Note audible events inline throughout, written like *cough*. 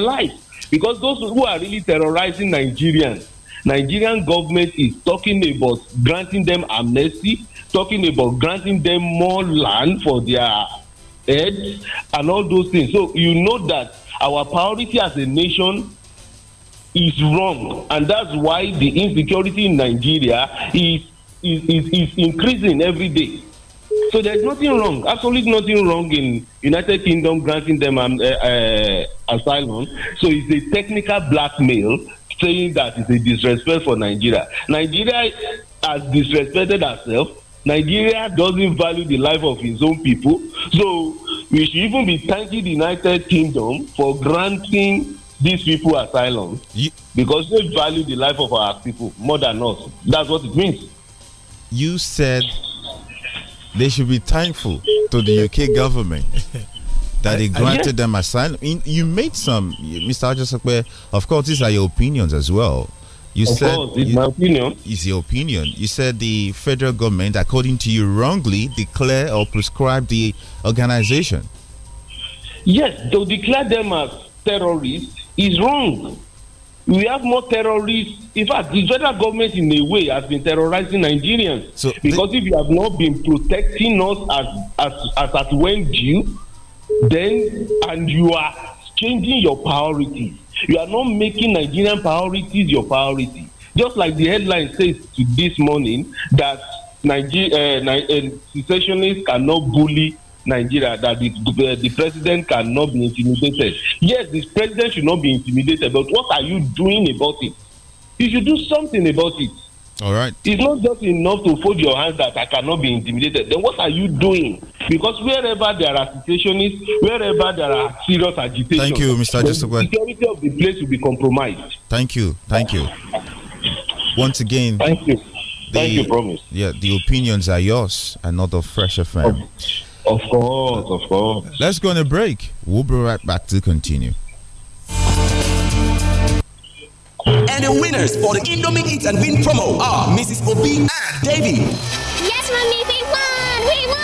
life because those who are really terrorizing Nigerians, Nigerian government is talking about granting them amnesty, talking about granting them more land for their heads and all those things. So you know that our priority as a nation is wrong, and that's why the insecurity in Nigeria is is is, is increasing every day. So there's nothing wrong, absolutely nothing wrong in United Kingdom granting them an, uh, uh, asylum. So it's a technical blackmail saying that it's a disrespect for Nigeria. Nigeria has disrespected herself. Nigeria doesn't value the life of its own people. So we should even be thanking the United Kingdom for granting these people asylum you, because they value the life of our people more than us. That's what it means. You said they should be thankful to the UK government *laughs* that they granted them asylum. You made some, Mr. Ajasakwe, of course, these are your opinions as well. You of said, course, it's you, my opinion. It's your opinion. You said the federal government, according to you, wrongly declare or prescribe the organization. Yes, to declare them as terrorists is wrong. we have more terrorists. In fact, the federal government, in a way, has been terrorizing Nigerians. So because if you have not been protecting us as as as at when due, then and you are changing your priorities, you are not making Nigerian priorities your priority. Just like the headline says this morning that Niger uh, eh, uh, eh, secessionists cannot bully Nigeria that the, the, uh, the, president cannot be intimidated. Yes, the president should not be intimidated, but what are you doing about it? You should do something about it. All right. It's not just enough to fold your hands that I cannot be intimidated. Then what are you doing? Because wherever there are situations, wherever there are serious agitation, thank you, Mr. The security of the place will be compromised. Thank you. Thank you. Once again, thank you. The, thank you, promise. Yeah, the opinions are yours and not of Fresh FM. Oh. Of course, of course. Let's go on a break. We'll be right back to continue. And the winners for the Indomie Eat and Win promo are Mrs. Obi and Davy. Yes, mommy, we won! We won!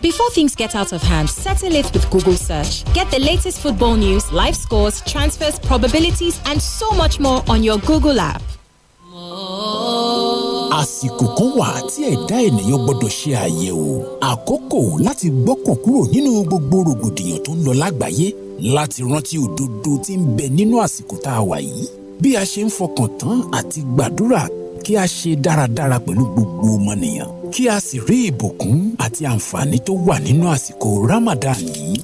Before things get out of hand, settle it with Google Search. Get the latest football news, live scores, transfers, probabilities, and so much more on your Google app. àsìkò kan wà tí ẹ̀dá ènìyàn gbọ́dọ̀ ṣe àyẹ̀wò àkókò láti gbọ́kàn kúrò nínú gbogbo rògbòdìyàn tó ń lọ lágbàáyé láti rántí òdodo tí ń bẹ nínú àsìkò tá a wà yìí bí a ṣe ń fọkàn tán àti gbàdúrà kí a ṣe dáradára pẹ̀lú gbogbo ọmọnìyàn kí a sì rí ìbùkún àti àǹfààní tó wà nínú àsìkò Ramadan yìí.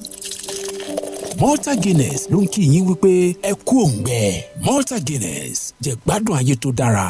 Malta Guinness ló ń kí yín wípé ẹ kú òǹgbẹ Malta Guinness jẹ gbádùn ayé tó dára.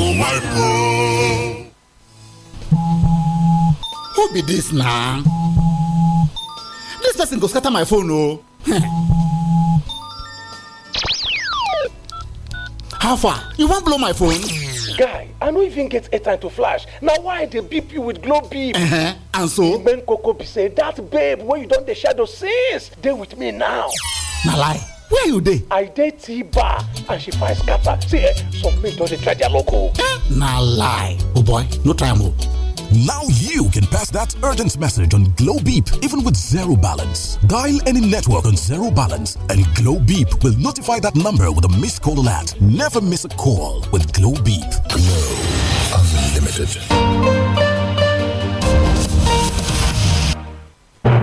Michael. Who be this now? This person go scatter my phone oh. *laughs* How far? You wan blow my phone? Guy, I no even get airtime to flash. Na why I dey beep you with glow beep? Uh -huh. And so? Imen Koko be say, that babe wey you don dey shadow since dey with me now. Na lie. where you dey i dey tea bar and she find scatter see eh some men don dey try their local oh. eh na lie oh boy no try am o oh. now you can pass that urgent message on Glow Beep even with zero balance. Dial any network on zero balance and Glow Beep will notify that number with a missed call alert. Never miss a call with Glow Beep. Glow Unlimited.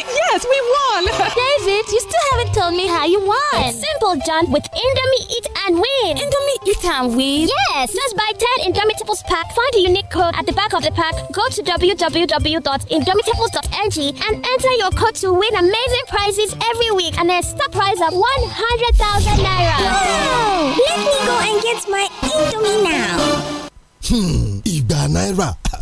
yes, we won! *laughs* David, you still haven't told me how you won. It's simple, John. With Indomie Eat and Win. Indomie Eat and Win? Yes. Just buy 10 Indomie Tipples pack, find a unique code at the back of the pack, go to www.indomitables.ng and enter your code to win amazing prizes every week and a star prize of 100,000 Naira. Wow! Let me go and get my Indomie now. Hmm, Iba Naira. *laughs*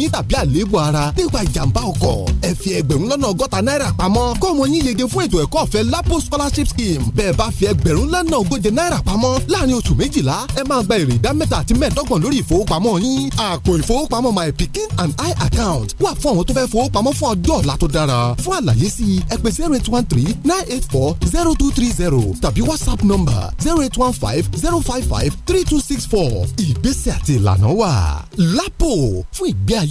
yín tàbí àléébù ara nípa ìjàmbá ọkọ̀ ẹ fi ẹgbẹ̀rún lọ́nà ọgọ́ta náírà pamọ́ kọ́mọ yín yege fún ètò ẹ̀kọ́ ọ̀fẹ́ lapo scholarship scheme bẹ́ẹ̀ bá fi ẹgbẹ̀rún lọ́nà ogóje náírà pamọ́ láàrin oṣù méjìlá ẹ máa gba èrè ìdá mẹ́ta àti mẹ́ẹ̀ẹ́dọ́gbọ̀n lórí ìfowópamọ́ yín àpò ìfowópamọ́ my pikin and i account wà fún àwọn tó fẹ́ fowópamọ́ fún ọjọ́ ọ̀la tó dára fún àlàyé sí i zero eight one three nine eight four zero two three zero tàbí whatsapp number zero eight one five zero five five three two six four ìgbésẹ̀ àti ìlànà wà lápò fún ìgbé ayé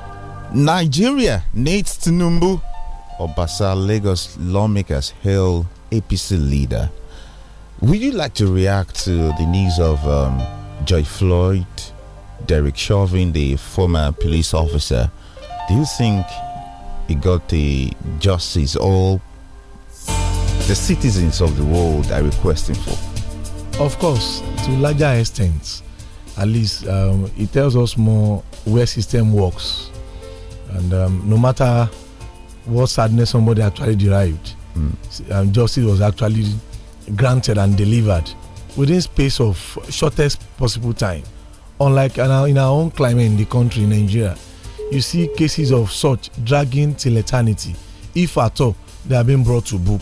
Nigeria needs Tinubu. Obasa Lagos lawmakers hail APC leader. Would you like to react to the news of um, Joy Floyd, Derek Chauvin, the former police officer? Do you think he got the justice all the citizens of the world are requesting for? Of course, to larger extent. At least um, it tells us more where system works and um, no matter what sadness somebody actually derived, mm. um, justice was actually granted and delivered within space of shortest possible time. Unlike in our, in our own climate in the country, in Nigeria, you see cases of such dragging till eternity, if at all they are being brought to book.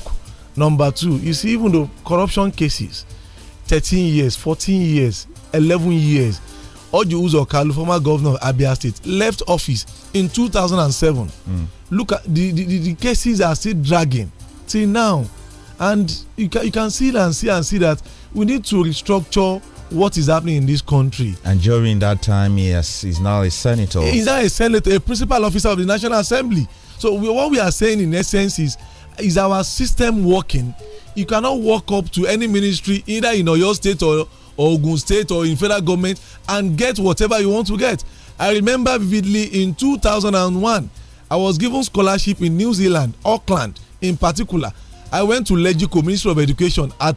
Number two, you see even the corruption cases, 13 years, 14 years, 11 years, Oju Uzo former governor of Abia State, left office in 2007. Mm. Look at the, the, the, cases are still dragging till now. And you can, you can see and see and see that we need to restructure what is happening in this country. And during that time, yes, he he's now a senator. He's now a senator, a principal officer of the National Assembly. So we, what we are saying in essence is, is our system working? You cannot walk up to any ministry either in your state or Ogun State or in federal government and get whatever you want to get. I remember vividly in 2001, I was given scholarship in New Zealand, Auckland in particular. I went to Legico, Ministry of Education at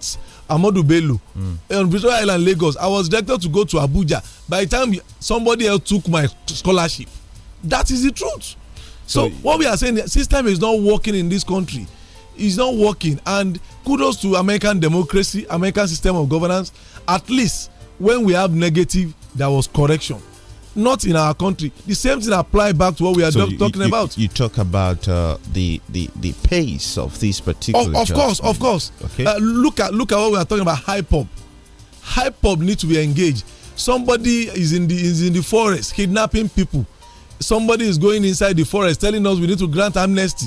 Amadu Bello mm. on Victoria Island, Lagos. I was directed to go to Abuja. By the time somebody else took my scholarship, that is the truth. So, so what we are saying, the system is not working in this country. It's not working. And kudos to American democracy, American system of governance at least when we have negative there was correction not in our country the same thing apply back to what we are so talking you, about you talk about uh, the the the pace of these particular of, of course of course okay uh, look at look at what we are talking about high pop high pop need to be engaged somebody is in the is in the forest kidnapping people somebody is going inside the forest telling us we need to grant amnesty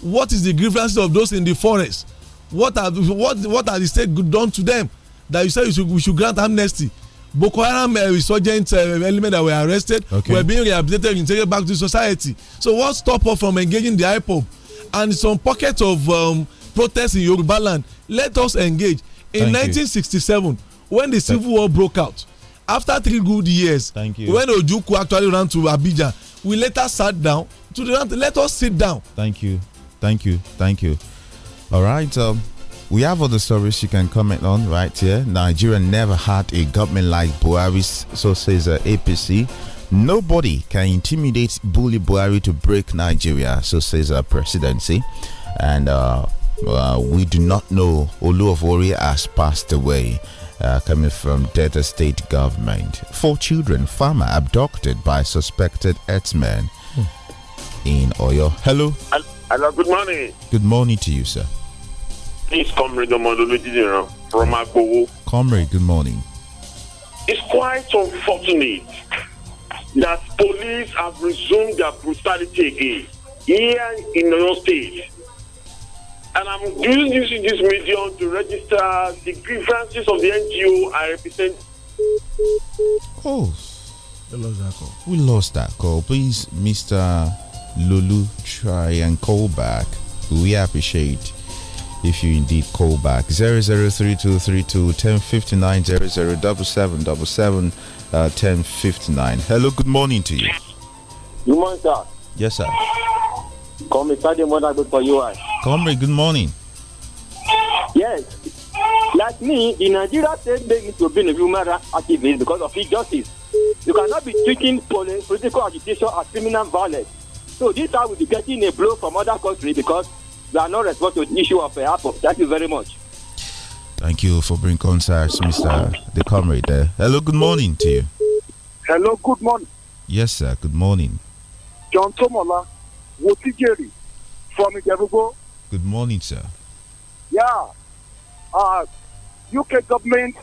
what is the grievances of those in the forest what are what what are the state done to them that you said should, we should grant amnesty. Boko Haram uh, resurgent uh, element that were arrested okay. were being rehabilitated and taken back to society. So what stop us from engaging the IPOP And some pockets of um, in Yoruba land, let us engage. In Thank 1967, you. when the Civil War broke out, after three good years, Thank you. when Ojuku actually ran to Abidjan, we later sat down. To the, let us sit down. Thank you. Thank you. Thank you. All right. Um we have other stories you can comment on right here. Nigeria never had a government like Buhari, so says the uh, APC. Nobody can intimidate bully Buhari to break Nigeria, so says the presidency. And uh, uh, we do not know Oluwafori has passed away. Uh, coming from Delta State government. Four children, farmer abducted by suspected herdsmen hmm. in Oyo. Hello. Hello. Good morning. Good morning to you, sir. This comrade uh, from Agbowo. Comrade, good morning. It's quite unfortunate that police have resumed their brutality again here in the State. And I'm using this medium to register the grievances of the NGO I represent. Oh, we lost that call. We lost that call. Please, Mr. Lulu, try and call back. We appreciate if you indeed call back. 003232 uh, Hello, good morning to you. Good morning, sir. Yes, sir. Comrade morning, good for you. Come, good morning. Yes. Like me, in Nigeria, state begins to be a human activist because of injustice. You cannot be treating political agitation as criminal violence. So this time we'll be getting a blow from other countries because they are not responsible to the issue of uh, Apple. Thank you very much. Thank you for bringing concerts, Mr. the comrade there. Hello, good morning to you. Hello, good morning. Yes, sir, good morning. John Tomola, Jerry, from Ijerugo. Good morning, sir. Yeah. Uh, UK government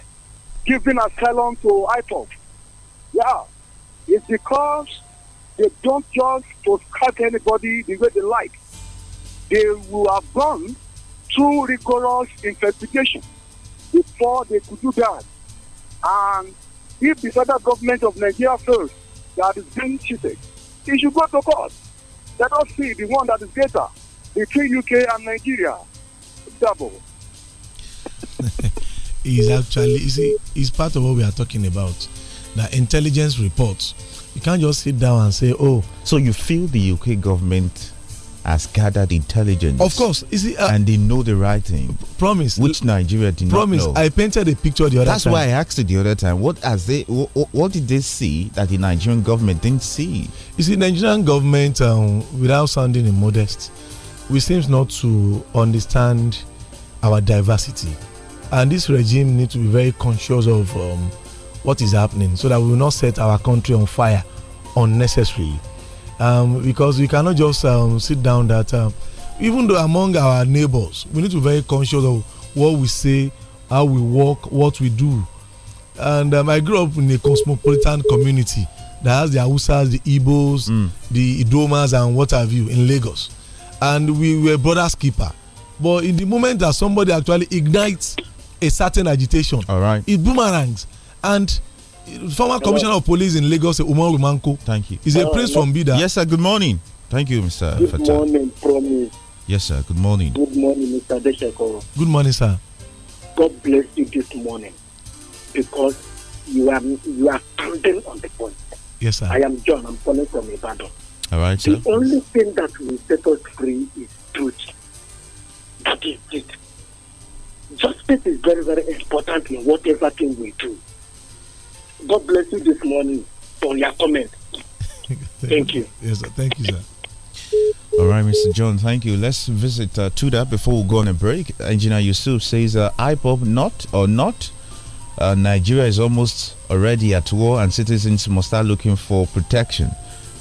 giving asylum to IPOP. Yeah. It's because they don't just to cut anybody the way they like they will have gone through rigorous investigation before they could do that. And if the federal government of Nigeria feels that is being cheated, it should go to court. Let us see the one that is greater between UK and Nigeria. Double. is *laughs* actually is is part of what we are talking about. The intelligence reports. You can't just sit down and say, "Oh." So you feel the UK government has gathered intelligence. Of course, uh, and they know the right thing. Promise, which Nigeria did promise, not know. I painted a picture the other. That's time. why I asked it the other time. What has they? What, did they see that the Nigerian government didn't see? You see, Nigerian government, um, without sounding immodest, we seems not to understand our diversity, and this regime needs to be very conscious of um, what is happening, so that we will not set our country on fire unnecessarily um, because we cannot just um, sit down that um, even though among our neighbors we need to be very conscious of what we say how we walk what we do and um, i grew up in a cosmopolitan community that has the hausas the igbos mm. the idomas and what have you in lagos and we were brothers keeper but in the moment that somebody actually ignites a certain agitation All right. it boomerangs and former commissioner of police in Lagos, Umar Rumanko. Thank you. Is a prince from Bida. Yes, sir. Good morning. Thank you, Mr. Good Fatah. morning, promise. Yes, sir. Good morning. Good morning, Mr. Desheko. Good morning, sir. God bless you this morning because you are you are standing on the point. Yes, sir. I am John. I'm calling from Ibadan. All right, sir. The only thing that will set us free is truth. That is it. Justice is very, very important in whatever thing we do God bless you this morning for your comment. *laughs* thank, you. Yes, thank you, sir. All right, Mr. John, thank you. Let's visit uh, Tuda before we go on a break. Engineer Yusuf says uh, IPOP not or not, uh, Nigeria is almost already at war and citizens must start looking for protection.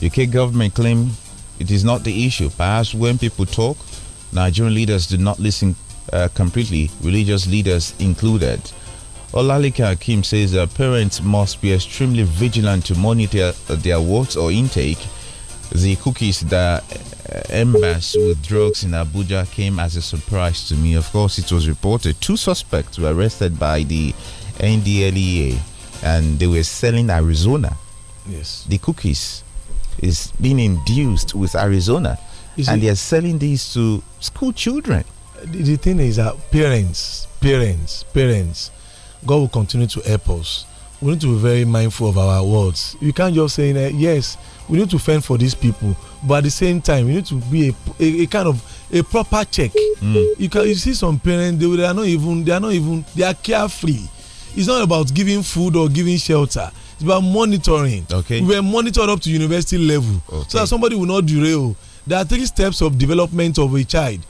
UK government claim it is not the issue. Perhaps when people talk, Nigerian leaders do not listen uh, completely, religious leaders included. Olalika Akim says uh, parents must be extremely vigilant to monitor their words or intake. The cookies that uh, embass with drugs in Abuja came as a surprise to me. Of course, it was reported two suspects were arrested by the NDLEA and they were selling Arizona. Yes. The cookies is being induced with Arizona is and it, they are selling these to school children. The, the thing is that parents, parents, parents, God will continue to help us. We need to be very mindful of our words. You can't just say, eh, yes, we need to fend for these people, but at the same time, we need to be a, a, a kind of a proper check. Mm. You can you see some parents they, they are not even they are not even they are carefree. It's not about giving food or giving shelter. It's about monitoring. Okay. We were monitored up to university level, okay. so that somebody will not derail. There are three steps of development of a child,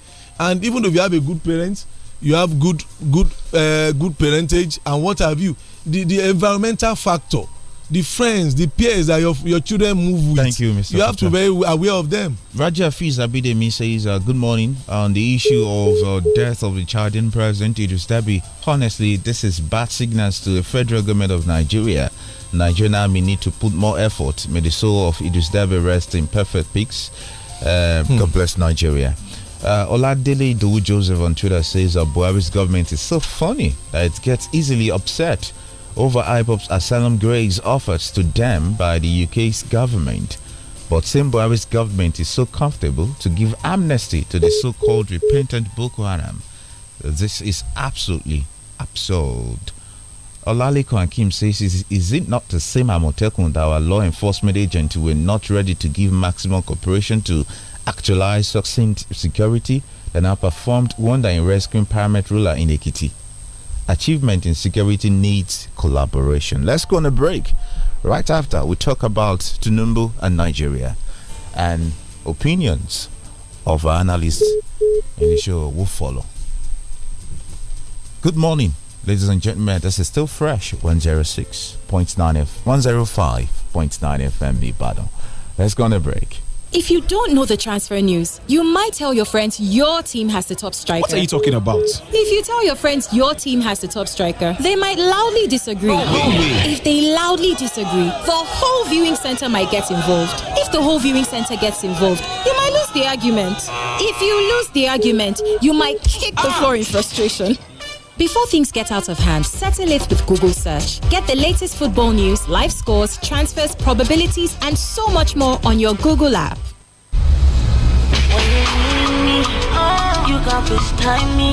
and even though you have a good parent, you have good good uh, good parentage and what have you the the environmental factor the friends the peers that your your children move with thank you mr you have to be aware of them raja fiz abidemi says uh, good morning on the issue of uh, death of the child in president idris Deby. honestly this is bad signals to the federal government of nigeria Nigeria, we need to put more effort may the soul of idris Deby rest in perfect peace uh, hmm. god bless nigeria uh, Oladele Dou Joseph on Twitter says uh, Buhari's government is so funny that it gets easily upset over IPOP's asylum grace offers to them by the UK's government. But same Buhari's government is so comfortable to give amnesty to the so called repentant Boko Haram. This is absolutely absurd. and Kim says, is, is, it not the same Amotekun that our law enforcement agents were not ready to give maximum cooperation to actualized succinct security that now performed wonder in rescuing Paramount ruler in Ekiti. Achievement in security needs collaboration. Let's go on a break. Right after, we talk about Tunumbu and Nigeria and opinions of our analysts in the show will follow. Good morning, ladies and gentlemen. This is still fresh 106.9 F 105.9 FM Ibadan. Let's go on a break. If you don't know the transfer news, you might tell your friends your team has the top striker. What are you talking about? If you tell your friends your team has the top striker, they might loudly disagree. Oh, If they loudly disagree, the whole viewing center might get involved. If the whole viewing center gets involved, you might lose the argument. If you lose the argument, you might kick the ah! floor in frustration. Before things get out of hand, settle it with Google Search. Get the latest football news, live scores, transfers, probabilities, and so much more on your Google app. Mm, you me. Oh, you can FaceTime me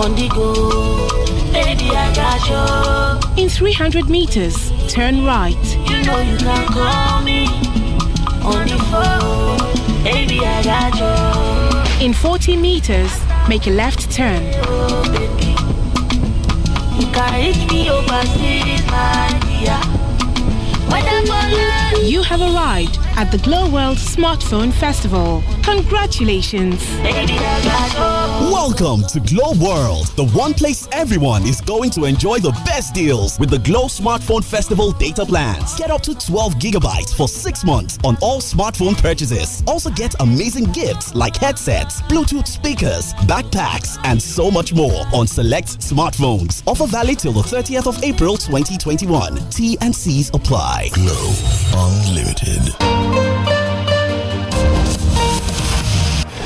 on the go. Baby, I got you. In 300 meters, turn right. You know you can call me on the phone. Baby, I got you. In 40 meters, make a left turn. Oh, baby. You can reach me over my dear. You have arrived at the Glow World Smartphone Festival. Congratulations! Welcome to Glow World, the one place everyone is going to enjoy the best deals with the Glow Smartphone Festival data plans. Get up to 12 gigabytes for six months on all smartphone purchases. Also get amazing gifts like headsets, Bluetooth speakers, backpacks, and so much more on select smartphones. Offer valid till the 30th of April 2021. T and C's apply. Glow Unlimited.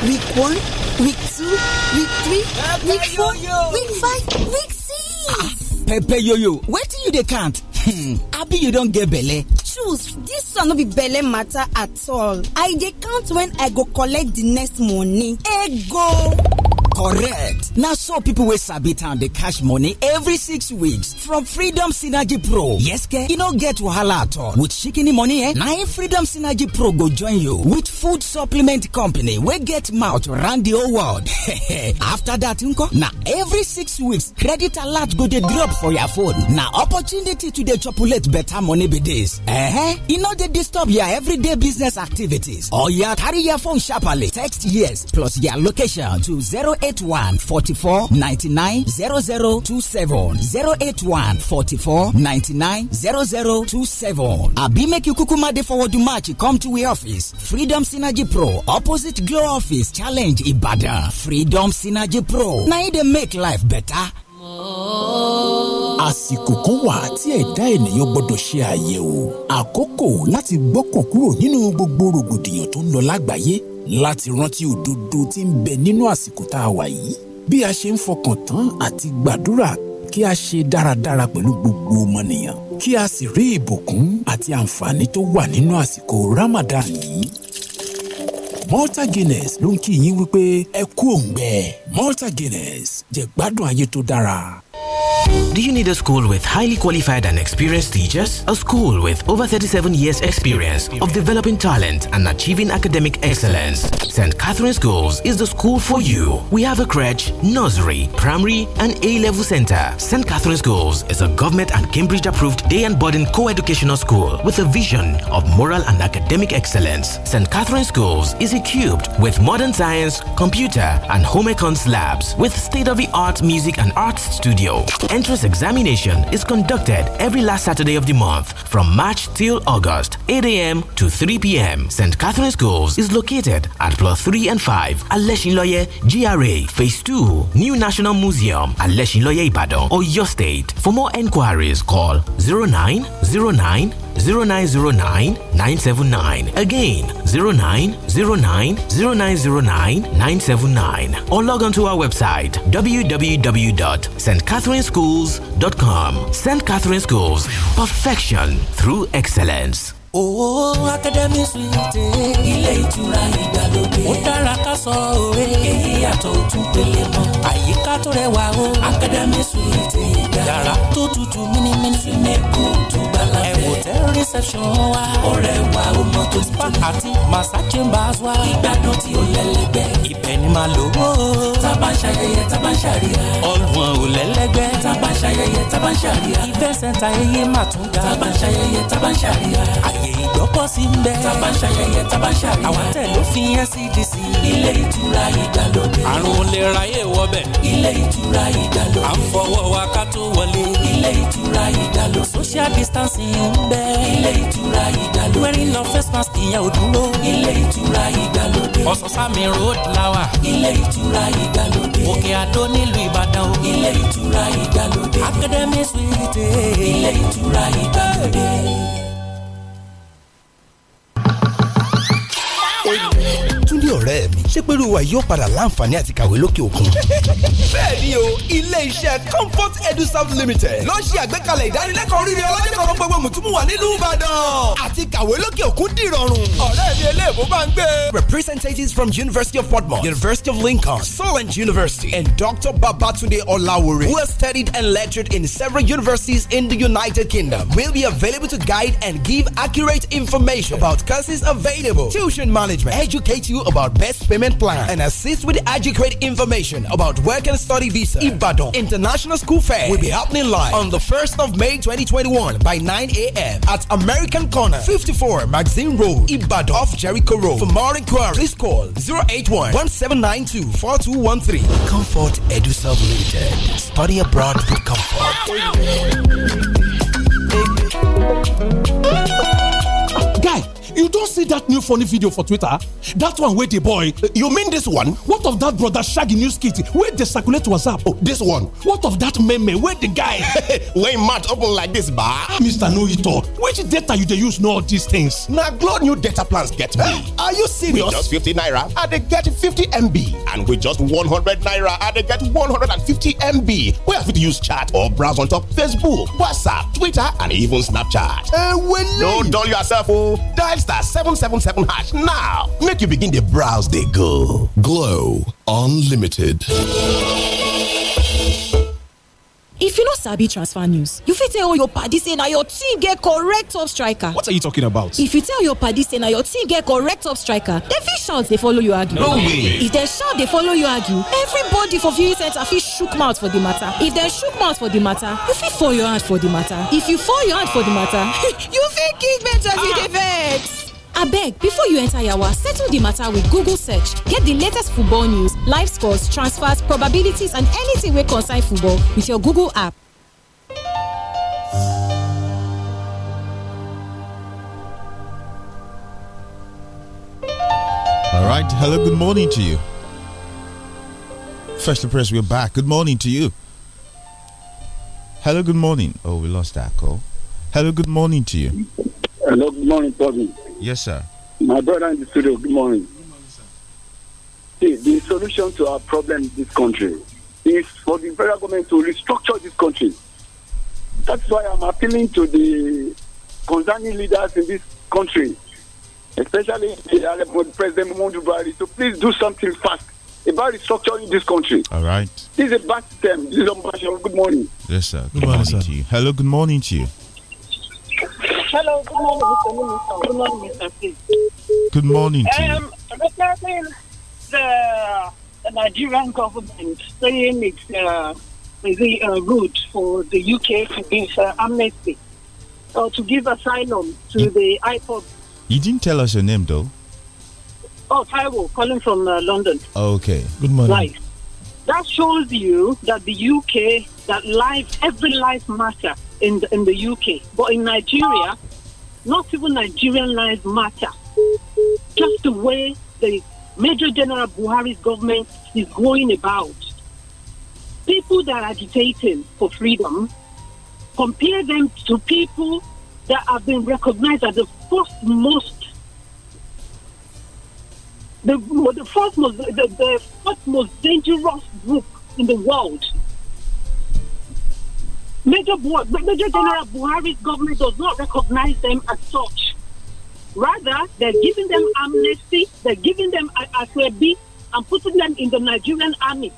Week one, week two, week three, week four, week five, week six. Ah, Pepe, yo yoyo wetin you they can't. Hmm, abi you don't get belle? choose this one no be belle matter at all i dey count when i go collect the next money ego correct na so people wey sabi town dey cash money every six weeks from freedom synergy pro yes ke e no get wahala at all with shikini money eh na im freedom synergy pro go join you with food supplement company wey get mouth round the whole world *laughs* after that nko na every six weeks credit alert go dey drop for your phone na opportunity to dey chopulate better money be dis eh e no dey disturb your everyday business activities or your carry your phone sharparly text yes plus your location to zero eight one forty four ninety nine zero zero two seven zero eight one forty four ninety nine zero zero two seven àbí make you kúkú dey forward match. come to we office freedom synergy pro opposite glow office challenge ibadan freedom synergy pro na e dey make life better. àsìkò kan wà tí ẹ̀dá ènìyàn gbọ́dọ̀ ṣe àyẹ̀wò àkókò láti gbọ́kàn kúrò nínú gbogbo rògbòdìyàn tó ń lọ lágbàáyé láti rántí òdodo tí ń bẹ nínú àsìkò tá a wà yìí bí a ṣe ń fọkàn tán àti gbàdúrà kí a ṣe dáradára pẹ̀lú gbogbo ọmọnìyàn kí a sì rí ìbùkún àti àǹfààní tó wà nínú àsìkò Ramadan yìí. Malta Guinness ló ń kí yín wípé ẹ kú òǹgbẹ Malta Guinness jẹ gbádùn ayé tó dára. Do you need a school with highly qualified and experienced teachers? A school with over 37 years experience of developing talent and achieving academic excellence? St. Catherine's Schools is the school for you. We have a crèche, nursery, primary and A-level center. St. Catherine's Schools is a government and Cambridge approved day and boarding co-educational school with a vision of moral and academic excellence. St. Catherine's Schools is equipped with modern science, computer and home econs labs with state-of-the-art music and arts studio entrance examination is conducted every last Saturday of the month from March till August, 8 a.m. to 3 p.m. St. Catherine's Schools is located at Plot 3 and 5, Aleshinloye, GRA, Phase 2, New National Museum, Aleshinloye, Ibadan, Oyo State. For more enquiries, call 0909 0909 979. Again, 0909 0909 979. Or log on to our website www.stcatherineschool.com catherineschools.com. St. Catherine Schools, perfection through excellence. oh, Akademi Suite. Ilé ìtura ìgbàlódé. Ó dára ká sọ òwe. Èyí yàtọ̀ ojú pele mọ́. Àyíká tó rẹwà o. Akademi Suite ìgbà. Yàrá tó tutù mímímí. Súnmẹ́kù tó gbàlá hotel reception wa. ọ̀rẹ́ wa o mọ tó ti tó. spa àti massage chambers wa. ìgbádùn tí ó lẹ́lẹ́gbẹ́. ibẹ̀ ni màá lò ó. taba ń ṣayẹyẹ taba ń ṣàríyá. ọlùwọ̀n ò lẹ́lẹ́gbẹ́. taba ń ṣayẹyẹ taba ń ṣàríyá. event center eye máa tún ga. taba ń ṣayẹyẹ taba ń ṣàríyá. àyè ìgbọ́kọ̀sí ń bẹ. taba ń ṣayẹyẹ taba ń àwọn tẹ̀ ló fi NCDC. ilé ìtura ìdàlódé. àrùn lè ráyè wọbẹ̀. ilé ìtura ìdàlódé. à ń fọwọ́ wa ká tó wọlé. ilé ìtura ìdàlódé. social distancing ń bẹ ilé ìtura ìdàlódé. wearing no face mask ìyẹn ò dúró. ilé ìtura ìdàlódé. ọ̀sán-sámi road lawa. ilé ìtura ìdàlódé. òkè àdó nílùú ìbàdàn o. ilé ìtura ìdàlódé. academy suite. ilé ìtura ìdàlódé ọ̀rẹ́ mi ṣé pẹ̀lú wa yóò padà láǹfààní àti kàwé lókè òkun. bẹ́ẹ̀ o ilé-iṣẹ́ Comfort EduServe Limited ló ṣe àgbékalẹ̀ ìdánilẹ́kọ̀ọ́ rírì ọlọ́jọ́ kan gbogbo mùtúmùwà nílùú Ìbàdàn àti kàwé lókè òkun dìrọ̀rùn. ọ̀rẹ́ mi eléèbó bá ń gbé. Representatives from University of Portmore, University of Lincoln, Solent University, and Doctor Babatunde Olawore, who has studied and lectured in several universities in the United Kingdom, will be available to guide and give accurate information about courses available, tuition management, educate you about about best payment plan and assist with adequate information about work and study visa. Ibadan International School Fair will be happening live on the 1st of May 2021 by 9 a.m. at American Corner, 54 Magazine Road, Ibadan off Jericho Road. For more inquiries, please call 081 1792 4213. Comfort EduSelf Limited. Study abroad with comfort. You don see that new funny video for Twitter? That one wey the boy, you mean this one? What of that brother Shaggy new skit? wey dey circulate WhatsApp? Oh, this one. What of that meme wey the guy wey im mouth open like this ba? Ah, Mr. Noito, which data you dey use know all these things? Na Glo new data plans get me. *gasps* Are you serious? With just 50 naira, I dey get 50 MB. And with just 100 naira, I dey get 150 MB. Wey I fit use chat or browse on top Facebook, WhatsApp, Twitter and even Snapchat. Uh, well, no dull yourself o. Oh. Dial star 777 hash now make you begin the browse dey go. Glow Unlimited. If you know sabi transfer news, you fit tell your party say now your team get correct top striker. What are you talking about? If you tell your party say now your team get correct top striker, dem fit shout they follow you argue. No way! If they shout they follow you argue, everybody for viewing centre fit shook mouth for the matter. If they shook mouth for the matter, you fit fall your hand for the matter. If you fall your hand for the matter, *laughs* you fit kick vex as you dey abeg before you enter yawa settle the matter with google search get the latest football news live scores transfers probabilities and anything wey concern football with your google app. All right, hello, good morning to you. Freshly Press, we're back. Good morning to you. Hello, good morning. Oh, we lost that call. Hello, good morning to you. Hello, good morning, Bobby. Yes, sir. My brother in the studio, good morning. See, the solution to our problem in this country is for the federal government to restructure this country. That's why I'm appealing to the concerning leaders in this country, especially the President Muhammadu Buhari, to please do something fast about restructuring this country. All right. This is a bad system. This is a bad Good morning. Yes, sir. Good, good morning, sir. to you. Hello, good morning to you. Hello, good morning, Mr. Minister. Good morning, Mr. Prince. Good morning. Um, regarding the, the Nigerian government saying it's uh, the uh, good for the UK to give uh, amnesty or to give asylum to you, the iPod. You didn't tell us your name, though. Oh, Taiwo, calling from uh, London. Okay, good morning. Right. That shows you that the UK, that life, every life matters in the, in the UK. But in Nigeria, not even Nigerian lives matter. Just the way the Major General Buhari's government is going about. People that are agitating for freedom, compare them to people that have been recognized as the first most the, the first most the, the first most dangerous group in the world Major, Major General Buhari's government does not recognize them as such. Rather, they're giving them amnesty, they're giving them Aswebi, and putting them in the Nigerian army.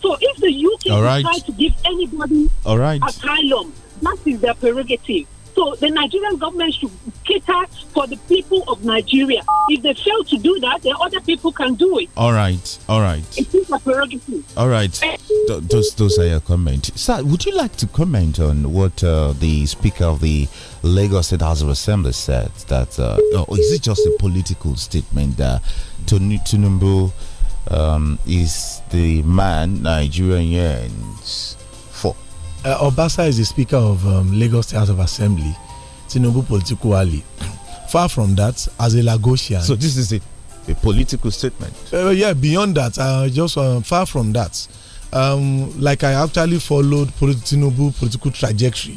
So if the UK All right. to give anybody All right. asylum, that is their prerogative. So the Nigerian government should cater for the people of Nigeria. If they fail to do that, then other people can do it. All right, all right. It is a prerogative. All right. those, those are your comments. Sir, would you like to comment on what uh, the Speaker of the Lagos State House of Assembly said? That uh, or is it just a political statement that Tinubu um, is the man Nigerians uh, Obasa is the Speaker of um, Lagos House of Assembly, Tinubu Political ally. Far from that, as a Lagosian. So this is a, a political statement. Uh, yeah, beyond that, uh, just uh, far from that. Um, like I actually followed Tinubu political trajectory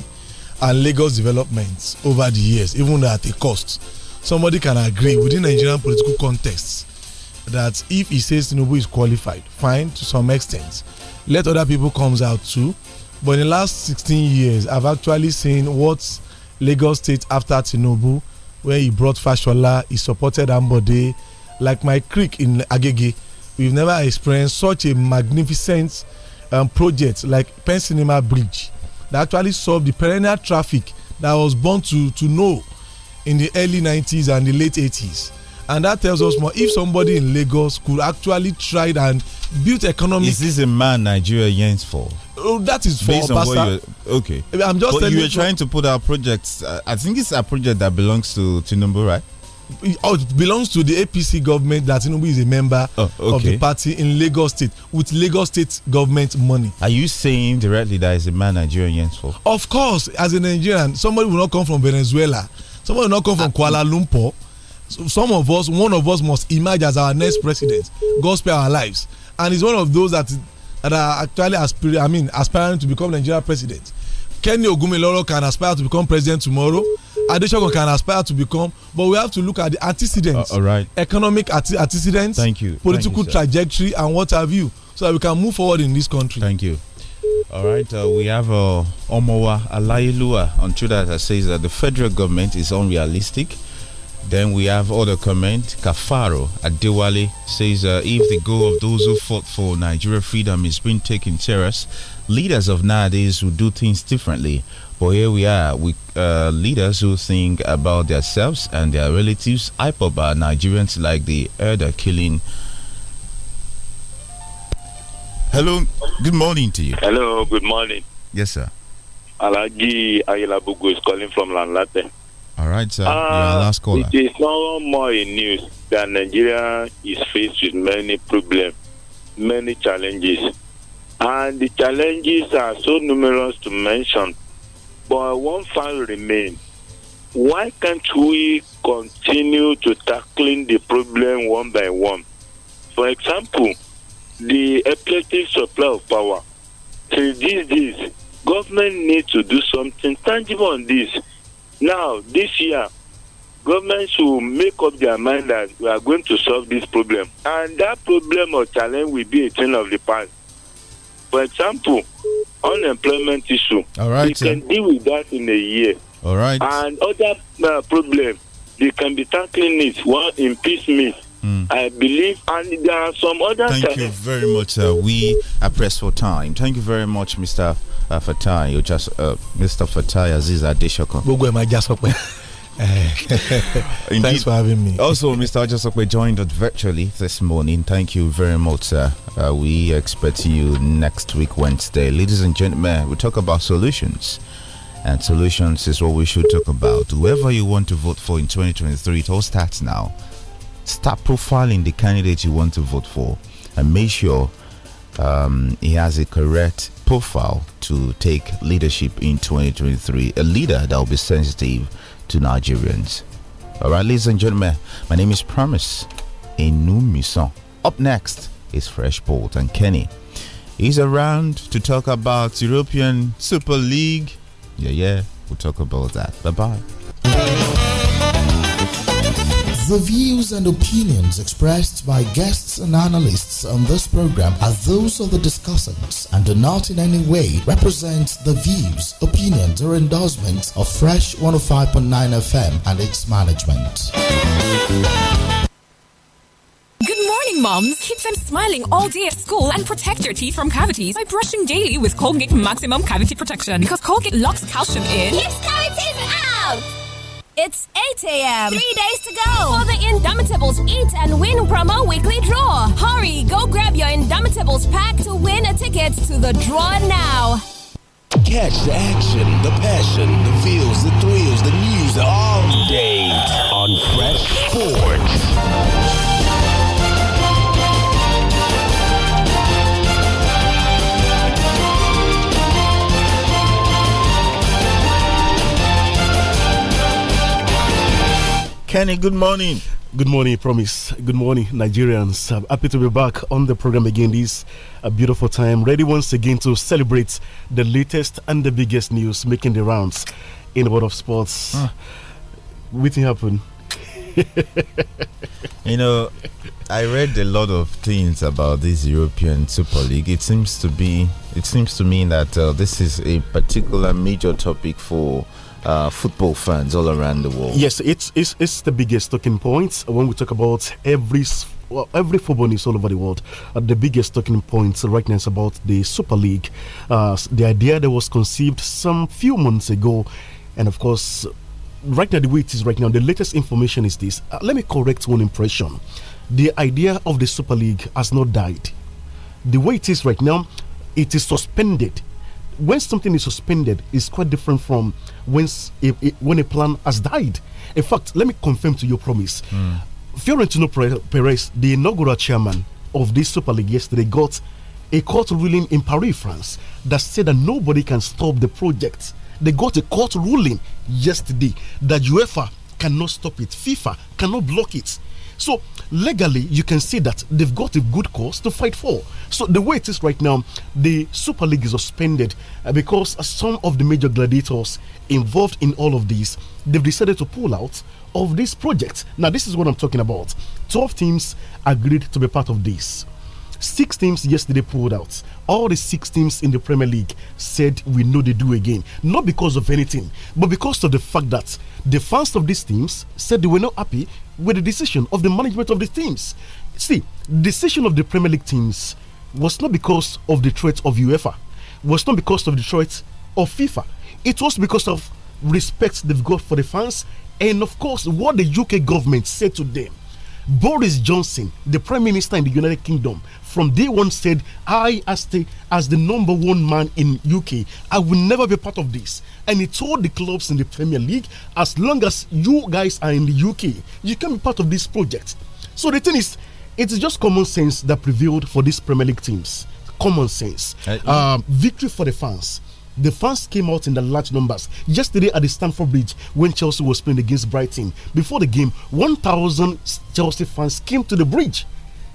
and Lagos developments over the years, even at a cost. Somebody can agree within Nigerian political context that if he says Tinubu is qualified, fine to some extent. Let other people comes out too But in the last 16 years, I've actually seen what Lagos State after Tinubu, where he brought Fashola, he supported Ambode, like my creek in Agege. We've never experienced such a magnificent um, project like Cinema Bridge that actually solved the perennial traffic that was born to to know in the early 90s and the late 80s and that tells us more if somebody in lagos could actually try and build economy, is this a man nigeria yearns for. Oh, that is for Based Obasa. okay. I'm just. But you were trying to put our projects. Uh, I think it's a project that belongs to Tinubu, right? Oh, it belongs to the APC government that Tinubu is a member oh, okay. of the party in Lagos State with Lagos State government money. Are you saying directly that is a man Nigerian yearns for? Of course, as a Nigerian, somebody will not come from Venezuela. Somebody will not come from ah, Kuala Lumpur some of us one of us must emerge as our next president god spare our lives and he's one of those that that are actually aspiring i mean aspiring to become nigeria president kenny ogumiloro can aspire to become president tomorrow adesogun can aspire to become but we have to look at the antecedents uh, all right economic antecedents thank you political thank you, trajectory and what have you so that we can move forward in this country thank you all right, uh, we have uh, Omowa Alayelua on Twitter that says that the federal government is unrealistic then we have other comment. Kafaro Adewale says, uh, if the goal of those who fought for Nigeria freedom is being taken serious, leaders of nowadays will do things differently. But here we are with uh, leaders who think about themselves and their relatives. Hype about Nigerians like the elder killing. Hello, good morning to you. Hello, good morning. Yes, sir. Alagi Ayelabugu is calling from Lanlate. All right, sir. Uh, last caller. It is no more in news that Nigeria is faced with many problems, many challenges. And the challenges are so numerous to mention. But one file remains. Why can't we continue to tackling the problem one by one? For example, the epileptic supply of power. Since these days, government needs to do something tangible on this now, this year, governments will make up their mind that we are going to solve this problem. And that problem or challenge will be a thing of the past. For example, unemployment issue. All right. We can deal with that in a year. All right. And other uh, problem, they can be tackling it one in peace Mm. I believe, and there are some other. Thank you very much. we are pressed for time. Thank you very much, Mr uh, Fatai just uh, Mr. Fatai Aziz Adeshoko. Gbogbo ẹ̀ máa já sọ pé. Thanks for having me. also, Mr. Ajasokwe joined us virtually this morning. Thank you very much, sir. Uh, we expect you next week, Wednesday. Ladies and gentlemen, we talk about solutions. And solutions is what we should talk about. Whoever you want to vote for in 2023, it all starts now. Start profiling the candidate you want to vote for and make sure um, he has a correct profile to take leadership in 2023, a leader that will be sensitive to Nigerians. All right, ladies and gentlemen, my name is Promise Enumison. Up next is Freshport and Kenny He's around to talk about European Super League. Yeah, yeah, we'll talk about that. Bye bye. The views and opinions expressed by guests and analysts on this program are those of the discussants and do not in any way represent the views, opinions, or endorsements of Fresh 105.9 FM and its management. Good morning, moms. Keep them smiling all day at school and protect your teeth from cavities by brushing daily with Colgate Maximum Cavity Protection because Colgate locks calcium in. Keeps cavities out! It's 8 a.m. Three days to go for the Indomitables Eat and Win promo weekly draw. Hurry, go grab your Indomitables pack to win a ticket to the draw now. Catch the action, the passion, the feels, the thrills, the news all day on Fresh Sports. Kenny, good morning. Good morning, Promise. Good morning, Nigerians. I'm uh, happy to be back on the program again. This a uh, beautiful time, ready once again to celebrate the latest and the biggest news making the rounds in the world of sports. What uh, What happened? *laughs* you know, I read a lot of things about this European Super League. It seems to be, it seems to mean that uh, this is a particular major topic for uh, football fans all around the world. Yes, it's, it's it's the biggest talking point when we talk about every well, every football news all over the world. Uh, the biggest talking point right now is about the Super League, uh, the idea that was conceived some few months ago, and of course, right now the way it is right now, the latest information is this. Uh, let me correct one impression: the idea of the Super League has not died. The way it is right now, it is suspended when something is suspended is quite different from when a, a, when a plan has died. In fact, let me confirm to your promise. Mm. Fiorentino Perez, the inaugural chairman of this Super League yesterday, got a court ruling in Paris, France, that said that nobody can stop the project. They got a court ruling yesterday that UEFA cannot stop it, FIFA cannot block it. So legally you can see that they've got a good cause to fight for. So the way it is right now, the Super League is suspended uh, because some of the major gladiators involved in all of this, they've decided to pull out of this project. Now this is what I'm talking about. 12 teams agreed to be part of this. Six teams yesterday pulled out. All the six teams in the Premier League said we know they do again. Not because of anything, but because of the fact that the fans of these teams said they were not happy with the decision of the management of the teams. See, decision of the Premier League teams was not because of the threat of UEFA, was not because of the threat of FIFA. It was because of respect they've got for the fans and, of course, what the UK government said to them. Boris Johnson, the Prime Minister in the United Kingdom, from day one said, I, as the, as the number one man in UK, I will never be part of this. And he told the clubs in the Premier League, as long as you guys are in the UK, you can be part of this project. So the thing is, it's just common sense that prevailed for these Premier League teams. Common sense. Uh, um, victory for the fans the fans came out in the large numbers yesterday at the Stamford Bridge when Chelsea was playing against Brighton. Before the game, 1,000 Chelsea fans came to the bridge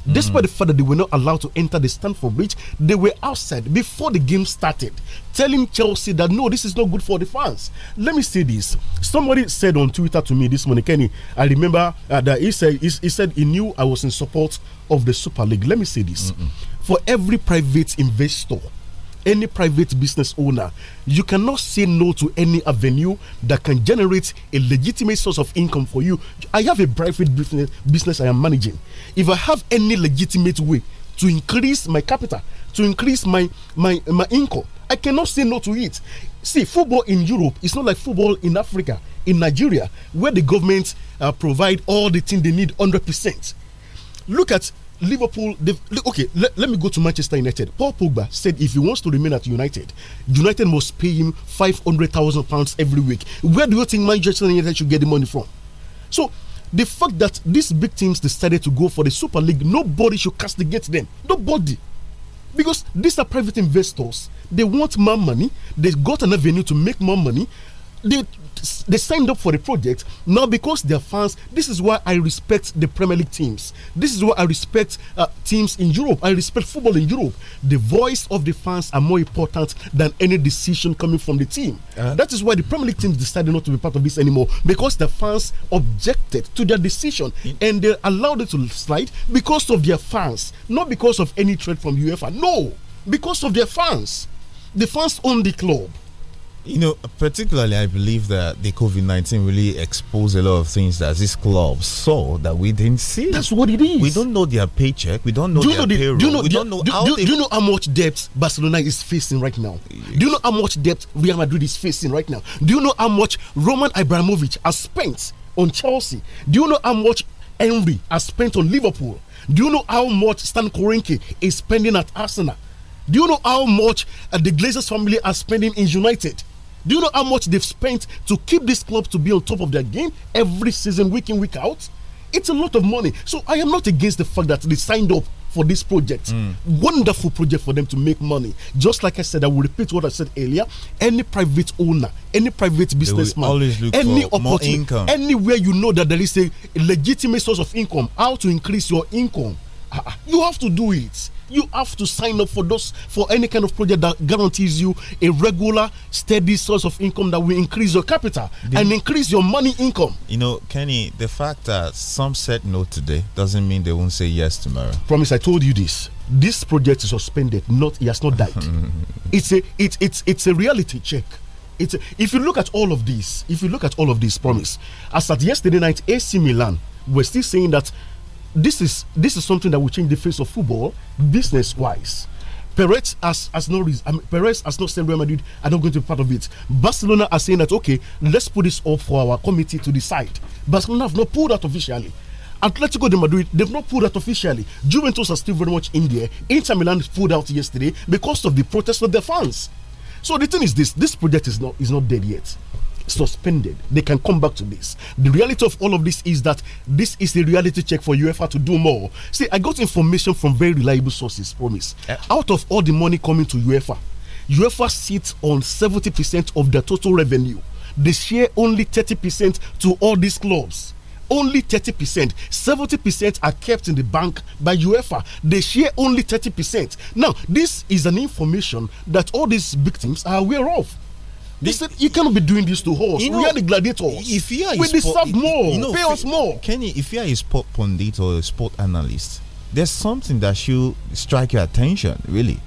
Despite mm. the fact that they were not allowed to enter the Stamford Bridge, they were outside before the game started, telling Chelsea that no, this is not good for the fans. Let me say this. Somebody said on Twitter to me this morning, Kenny, I remember uh, that he said, he, he, said he knew I was in support of the Super League. Let me say this. Mm -mm. For every private investor, any private business owner, you cannot say no to any avenue that can generate a legitimate source of income for you. I have a private business, business I am managing. If I have any legitimate way to increase my capital, to increase my my my income, I cannot say no to it. See, football in Europe is not like football in Africa, in Nigeria, where the government uh, provide all the thing they need 100%. Look at Liverpool, okay, let, let me go to Manchester United. Paul Pogba said if he wants to remain at United, United must pay him £500,000 every week. Where do you think Manchester United should get the money from? So, the fact that these big teams decided to go for the Super League, nobody should castigate them. Nobody. Because these are private investors. They want more money. They got an avenue to make more money. They they signed up for the project not because they're fans. This is why I respect the Premier League teams. This is why I respect uh, teams in Europe. I respect football in Europe. The voice of the fans are more important than any decision coming from the team. Uh -huh. That is why the Premier League teams decided not to be part of this anymore because the fans objected to their decision and they allowed it to slide because of their fans, not because of any threat from UEFA. No, because of their fans. The fans own the club you know, particularly, I believe that the COVID 19 really exposed a lot of things that these clubs saw that we didn't see. That's what it is. We don't know their paycheck. We don't know do you their know payroll. Do you know, we do, don't know do, how do, you know how much debt Barcelona is facing right now? Yes. Do you know how much debt Real Madrid is facing right now? Do you know how much Roman Abramovich has spent on Chelsea? Do you know how much Henry has spent on Liverpool? Do you know how much Stan Kroenke is spending at Arsenal? Do you know how much uh, the Glazers family are spending in United? Do you know how much they've spent to keep this club to be on top of their game every season, week in, week out? It's a lot of money. So I am not against the fact that they signed up for this project. Mm. Wonderful project for them to make money. Just like I said, I will repeat what I said earlier. Any private owner, any private businessman, any opportunity, anywhere you know that there is a legitimate source of income, how to increase your income, ah, ah, you have to do it you have to sign up for those for any kind of project that guarantees you a regular, steady source of income that will increase your capital the, and increase your money income. You know, Kenny, the fact that some said no today doesn't mean they won't say yes tomorrow. Promise, I told you this. This project is suspended. Not, he has not died. *laughs* it's a, it, it's, it's a reality check. It's a, if you look at all of this, if you look at all of this, promise. As at yesterday night, AC Milan were still saying that this is this is something that will change the face of football business wise. Perez has, has no reason. I mean, Perez has not said Real Madrid are not going to be part of it. Barcelona are saying that okay, let's put this off for our committee to decide. Barcelona have not pulled out officially. Atletico de Madrid, they've not pulled out officially. Juventus are still very much in there. Inter Milan pulled out yesterday because of the protest of their fans. So the thing is this: this project is not is not dead yet suspended. They can come back to this. The reality of all of this is that this is a reality check for UEFA to do more. See, I got information from very reliable sources, promise. Yeah. Out of all the money coming to UEFA, UEFA sits on 70% of the total revenue. They share only 30% to all these clubs only 30%. 70% are kept in the bank by UEFA. They share only 30%. Now, this is an information that all these victims are aware of. This, you cannot be doing this to us. You know, we are the gladiators. If you are we deserve more. You know, Pay us more. Kenny, if you are a sport pundit or a sport analyst, there's something that should strike your attention. Really,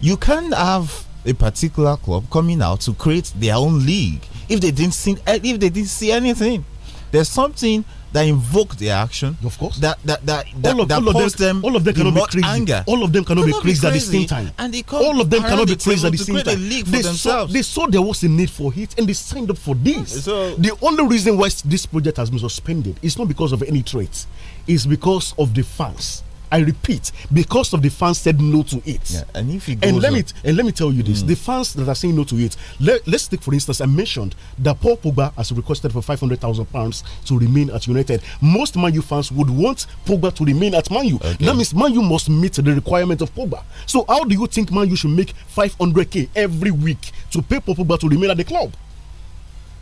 you can't have a particular club coming out to create their own league if they didn't see if they didn't see anything. There's something that invoke their action. Of course. That that that, that, all of, that all of them, them, all of them cannot be crazy. Anger. All of them cannot be crazy, at the same time. And they all of them cannot be crazy at the same time. They saw, they saw there was a need for it and they signed up for this. So, the only reason why this project has been suspended is not because of any traits, it's because of the fans I repeat, because of the fans said no to it. Yeah, and if and let me and let me tell you this: mm. the fans that are saying no to it. Let, us take for instance, I mentioned that Paul Pogba has requested for five hundred thousand pounds to remain at United. Most Man U fans would want Pogba to remain at Man U. Okay. That means Man U must meet the requirement of Pogba. So how do you think Man U should make five hundred k every week to pay Paul Pogba to remain at the club?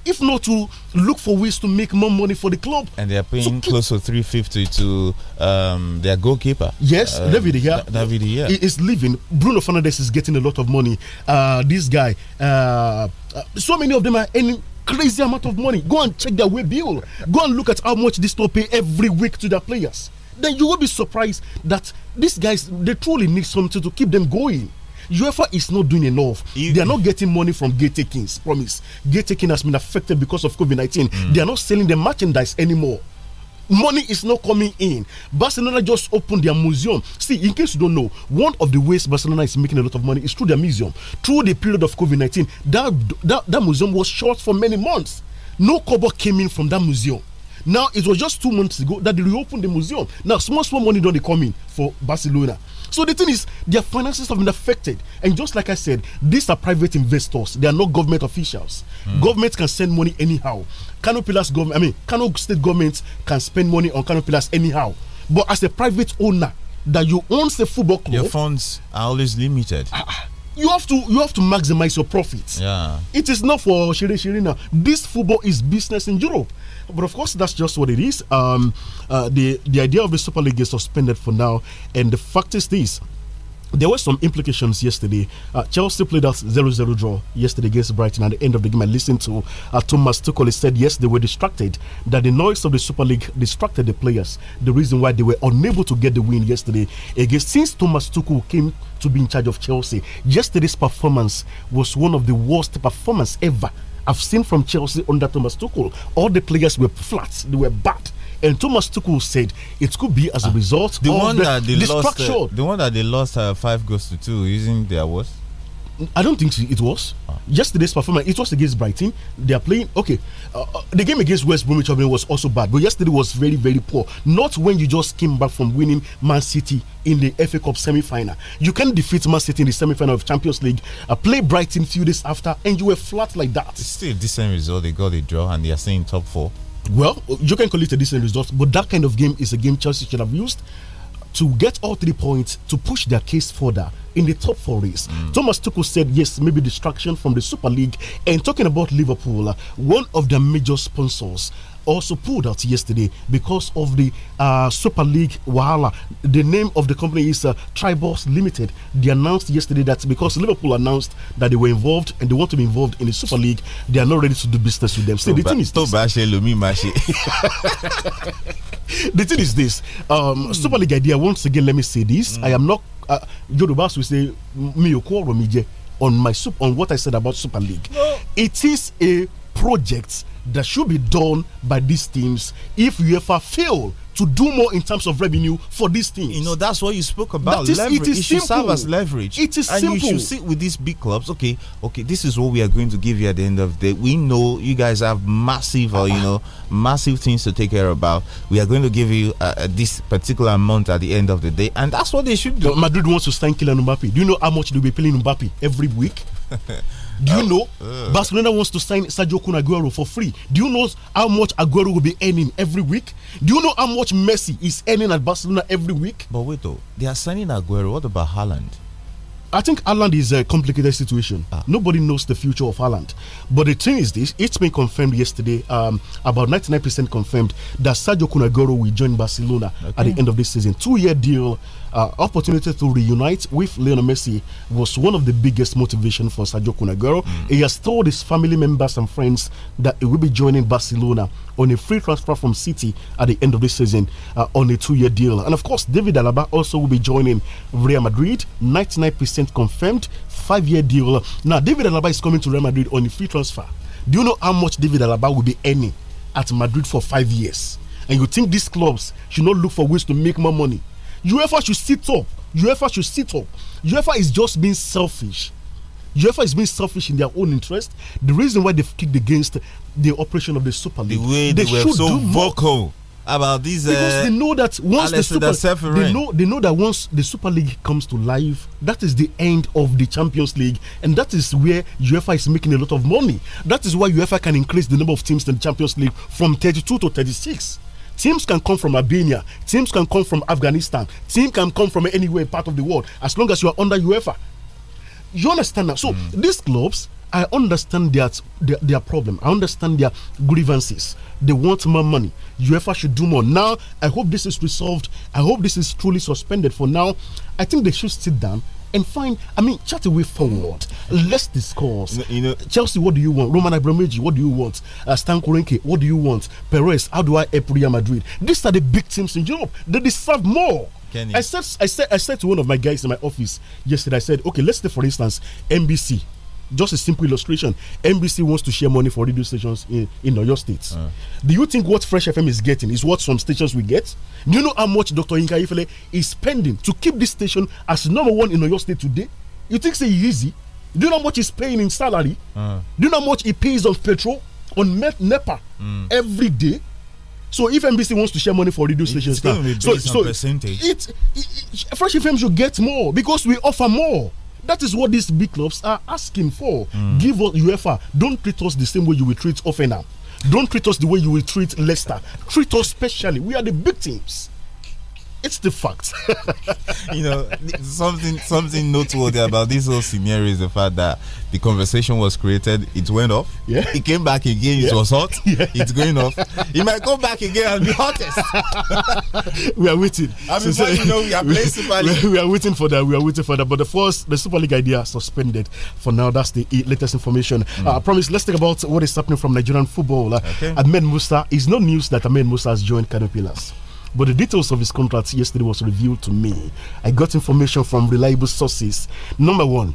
if not to look for ways to make more money for the club. And they are paying so close to 350 to um, their goalkeeper. Yes, um, David here. David here. Is leaving. Bruno Fernandez is getting a lot of money. Uh, this guy. Uh, uh, so many of them are earning crazy amount of money. Go and check their way bill. Go and look at how much this still pay every week to their players. Then you will be surprised that these guys, they truly need something to keep them going. UEFA is not doing enough. You, they are not getting money from gate takings. Promise. Gate taking has been affected because of COVID 19. Mm. They are not selling the merchandise anymore money is not coming in. Barcelona just opened their museum. See, in case you don't know, one of the ways Barcelona is making a lot of money is through their museum. Through the period of COVID 19, that, that, that museum was shut for many months. No cobalt came in from that museum. Now, it was just two months ago that they reopened the museum. Now, small, small money don't they come in for Barcelona. So the thing is, their finances have been affected. And just like I said, these are private investors. They are not government officials. Mm. Governments can send money anyhow. Kano Pillars government, I mean, Kano state government can spend money on Kano Pillars anyhow. But as a private owner, that you own the football club, your funds are always limited. Uh, you have to you have to maximize your profits. Yeah. It is not for Shire Shirina. This football is business in Europe. But of course, that's just what it is. Um, uh, the the idea of the Super League is suspended for now, and the fact is this: there were some implications yesterday. Uh, Chelsea played that 0 0 draw yesterday against Brighton at the end of the game. I listened to uh, Thomas Tuchel. He said, yes, they were distracted, that the noise of the Super League distracted the players. The reason why they were unable to get the win yesterday against, since Thomas Tuchel came to be in charge of Chelsea, yesterday's performance was one of the worst performance ever I've seen from Chelsea under Thomas Tuchel. All the players were flat, they were bad and Thomas Tuchel said it could be as a ah, result the one the, that they lost, uh, the one that they lost uh, five goals to two using their worst. I don't think it was. Ah. Yesterday's performance, it was against Brighton. They are playing, okay. Uh, uh, the game against West Bromwich Albion was also bad, but yesterday was very, very poor. Not when you just came back from winning Man City in the FA Cup semi final. You can defeat Man City in the semi final of Champions League, uh, play Brighton few days after, and you were flat like that. It's still a decent result. They got a draw and they are staying top four. Well, you can call it a decent result, but that kind of game is a game Chelsea should have used to get all three points to push their case further in the top four race. Mm. Thomas Tuchel said, yes, maybe distraction from the Super League. And talking about Liverpool, uh, one of their major sponsors also pulled out yesterday because of the uh, Super League Wahala. The name of the company is uh, Tribos Limited. They announced yesterday that because Liverpool announced that they were involved and they want to be involved in the Super League, they are not ready to do business with them. So the thing is, *laughs* the thing is this um, hmm. Super League idea. Once again, let me say this: mm. I am not. Uh, Yorubas will say, on my soup on what I said about Super League." No. It is a projects that should be done by these teams if UEFA fail to do more in terms of revenue for these teams. You know, that's what you spoke about. That is, leverage. It, is it should simple. serve as leverage. It is and simple. you should sit with these big clubs. Okay, okay, this is what we are going to give you at the end of the day. We know you guys have massive, or uh, you know, massive things to take care about. We are going to give you uh, uh this particular amount at the end of the day, and that's what they should do. Madrid wants to sign Kylian Mbappe. Do you know how much they'll be paying Mbappe every week? *laughs* Do you oh. know Barcelona wants to sign Sergio Kun Aguero for free? Do you know how much Aguero will be earning every week? Do you know how much Messi is earning at Barcelona every week? But wait though, they are signing Aguero. What about Haaland? I think Ireland is a complicated situation. Ah. Nobody knows the future of Ireland. But the thing is this, it's been confirmed yesterday, um, about 99% confirmed that Sergio Kunagoro will join Barcelona okay. at the end of this season. Two-year deal uh, opportunity to reunite with Lionel Messi was one of the biggest motivation for Sergio Kunagoro. Mm. He has told his family members and friends that he will be joining Barcelona on a free transfer from City at the end of this season uh, on a two-year deal. And of course, David Alaba also will be joining Real Madrid. 99% confirmed, five-year deal. Now, David Alaba is coming to Real Madrid on a free transfer. Do you know how much David Alaba will be earning at Madrid for five years? And you think these clubs should not look for ways to make more money? UEFA should sit up. UEFA should sit up. UEFA is just being selfish. UEFA is being selfish in their own interest. The reason why they've kicked against the operation of the Super League, the way they, they were so vocal about this, because uh, they know that once the Super, they know they know that once the Super League comes to life, that is the end of the Champions League, and that is where UEFA is making a lot of money. That is why UEFA can increase the number of teams in the Champions League from 32 to 36 Teams can come from Albania, teams can come from Afghanistan, teams can come from anywhere part of the world as long as you are under UEFA. You understand that. So mm. these clubs, I understand their, their, their problem. I understand their grievances. They want more money. UEFA should do more. Now, I hope this is resolved. I hope this is truly suspended for now. I think they should sit down and find, I mean, chart a way forward. Let's discuss. you know, Chelsea, what do you want? Roman Abramovich, what do you want? Uh, Stan Kroenke, what do you want? Perez, how do I help Real Madrid? These are the big teams in Europe. They deserve more. Kenny. I said, I said, I said to one of my guys in my office yesterday. I said, okay, let's say for instance, NBC just a simple illustration. NBC wants to share money for radio stations in, in your states. Uh. Ah. Do you think what Fresh FM is getting is what some stations will get? Do you know how much Dr. Inka Ifele is spending to keep this station as number one in your state today? You think it's easy? Do you know how much he's paying in salary? Uh. Do you know how much he pays on petrol, on Met NEPA mm. every day? So if NBC wants to share money for radio stations, so, so percentage. It, it, it, Fresh FM should get more because we offer more. That is what these big clubs are asking for. Mm. Give us UEFA. Don't treat us the same way you will treat Offenham. Don't treat us the way you will treat Leicester. Treat us specially. We are the big teams it's the fact. *laughs* you know, something something noteworthy about this whole scenario is the fact that the conversation was created, it went off. Yeah. It came back again, yeah. it was hot. *laughs* Yeah. It's going off. it might come back again and be hottest. *laughs* we are waiting. I mean, so, you know, we are playing Super League. We are waiting for that. We are waiting for that. But the first, the Super League idea suspended for now. That's the latest information. Mm. Uh, I promise, let's talk about what is happening from Nigerian football. Uh, okay. Ahmed Musa, it's no news that Ahmed Musa has joined Pillars. But the details of his contract yesterday was revealed to me. I got information from reliable sources. Number one,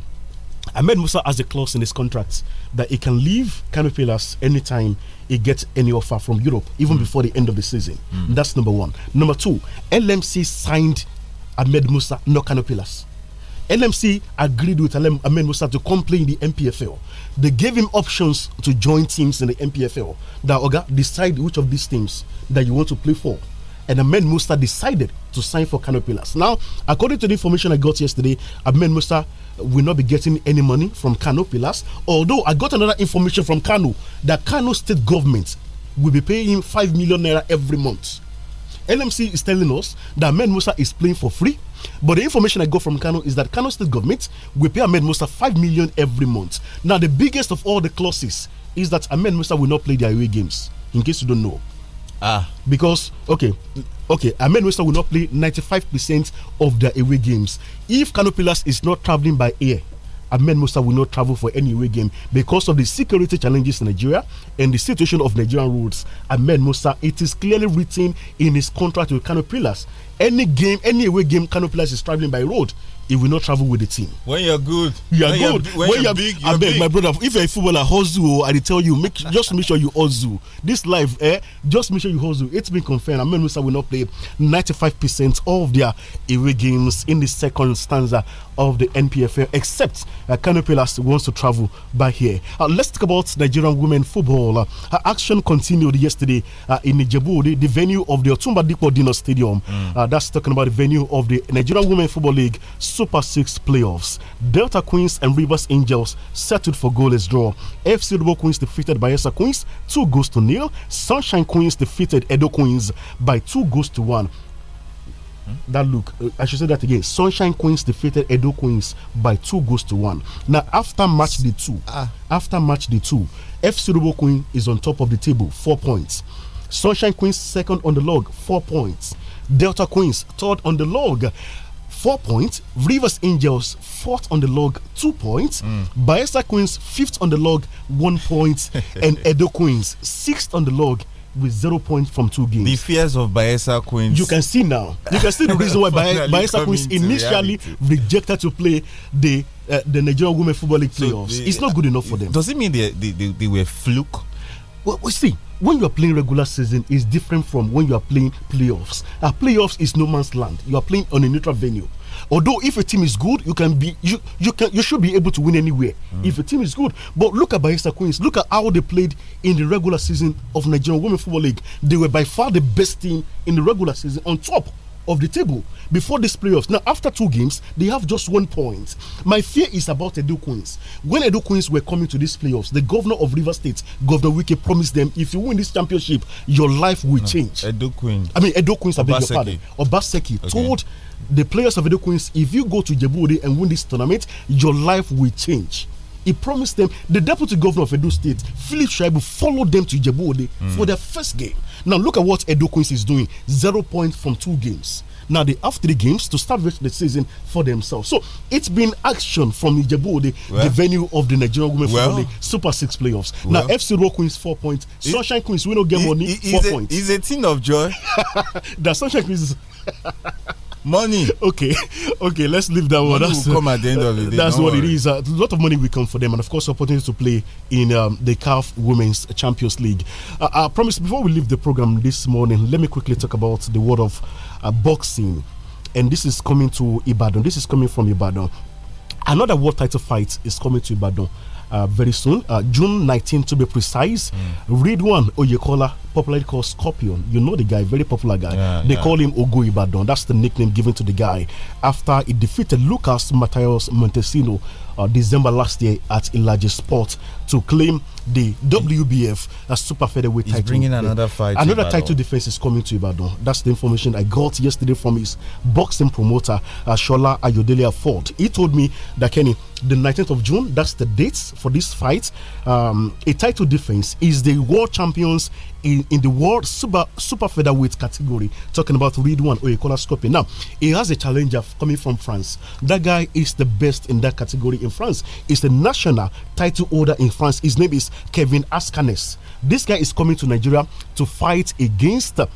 Ahmed Musa has a clause in his contract that he can leave Canopilas anytime he gets any offer from Europe, even mm. before the end of the season. Mm. That's number one. Number two, LMC signed Ahmed Musa, not Canopilas. LMC agreed with Ahmed Musa to come play in the MPFL. They gave him options to join teams in the MPFL. That Oga, decide which of these teams that you want to play for and Ahmed Musa decided to sign for Canopilas. Now, according to the information I got yesterday, Ahmed Musa will not be getting any money from Canopilas. Although I got another information from Kano that Kano state government will be paying him 5 million naira every month. NMC is telling us that Ahmed Musa is playing for free. But the information I got from Kano is that Kano state government will pay Ahmed Musa 5 million every month. Now, the biggest of all the clauses is that Ahmed Musa will not play the away games, in case you don't know. Ah. Because, okay, okay, Amen Western will not play 95% of their away games. If Canopilas is not traveling by air, Ahmed Musa will not travel for any away game because of the security challenges in Nigeria and the situation of Nigerian roads. Ahmed Musa, it is clearly written in his contract with Canopilas. Any game, any away game, Canopilas is traveling by road he will not travel with the team. When you're good, you are when good. You're, when, when, you're, big, you're I beg big. my brother. If you're a footballer, hustle. Oh, I tell you, make just make sure you hustle. This life, eh? Just make sure you hustle. It's been confirmed. mean, Musa will not play 95% of their away games in the second stanza of the NPFL, except uh, Canopilas wants to travel by here. Uh, let's talk about Nigerian women football. Uh, action continued yesterday uh, in Ijebu, the, the, venue of the Otumba Dipo Dino Stadium. Mm. Uh, that's talking about the venue of the Nigerian Women Football League. Super Six playoffs. Delta Queens and Rivers Angels settled for goalless draw. FC Dubo Queens defeated Bayelsa Queens two goals to nil. Sunshine Queens defeated Edo Queens by two goals to one. That look, uh, I should say that again. Sunshine Queens defeated Edo Queens by two goals to one. Now, after match the two, ah. after match the two, FC Dubo Queen is on top of the table, four points. Sunshine Queens second on the log, four points. Delta Queens third on the log four points. Rivers Angels fourth on the log, two points. Mm. Bayesa Queens fifth on the log, one point. *laughs* and Edo Queens sixth on the log, with zero points from two games. The fears of Bayesa Queens. You can see now. You can see the reason why *laughs* Bayesa Queens initially reality. rejected to play the uh, the Nigerian Women Football League playoffs. it's not good enough for them. Does it mean they they, they, they were fluke? Well, we see when you are playing regular season is different from when you are playing playoffs. Uh, playoffs is no man's land. You are playing on a neutral venue. Although if a team is good, you can be you you can you should be able to win anywhere mm. if a team is good. But look at Bayelsa Queens. Look at how they played in the regular season of Nigerian Women Football League. They were by far the best team in the regular season on top of the table before this playoffs. Now, after two games, they have just one point. My fear is about Edu Queens. When Edu Queens were coming to these playoffs, the governor of River State, Governor Wiki, promised them if you win this championship, your life will no, change. Edu Queens. I mean, Edu Queens, I beg your pardon. Obaseki okay. told the players of Edu Queens, if you go to Djibouti and win this tournament, your life will change. He promised them the deputy governor of Edo State, Philip Shaibu, followed them to Jebuode mm. for their first game. Now look at what Edo Queens is doing: zero points from two games. Now they have three games to start the season for themselves. So it's been action from Ijebu well, the venue of the Nigerian Women well, Super Six playoffs. Well, now FC Rock Queens four points, it, Sunshine Queens we don't get money it, four a, points. It's a thing of joy. *laughs* that Sunshine Queens. *laughs* money. Okay, *laughs* okay, let's leave that one. that's, will come at the end of the day. That's what worry. it is. A lot of money will come for them, and of course, opportunity to play in um, the CAF Women's Champions League. Uh, I promise. Before we leave the program this morning, let me quickly talk about the world of uh, boxing, and this is coming to Ibadan. This is coming from Ibadan. Another world title fight is coming to Ibadan. Uh, very soon, uh, June 19 to be precise. Mm. Read one Oyekola popularly called Scorpion. You know the guy, very popular guy. Yeah, they yeah. call him Ogo Ibadan. That's the nickname given to the guy after he defeated Lucas Matias Montesino uh, December last year at Ilaji Sport to claim the WBF a Super Featherweight He's title. bringing another fight. Another Ibadan. title defense is coming to Ibadan. That's the information I got yesterday from his boxing promoter, uh, Shola Ayodelia Ford. He told me that Kenny, the 19th of June, that's the date for this fight. Um, a title defense is the world champions in in the world super super featherweight category. Talking about Ridwan Oyekola Scorpion. Now, he has a challenger coming from France. That guy is the best in that category in France. He's the national title holder in France. His name is Kevin Askanes. This guy is coming to Nigeria to fight against um,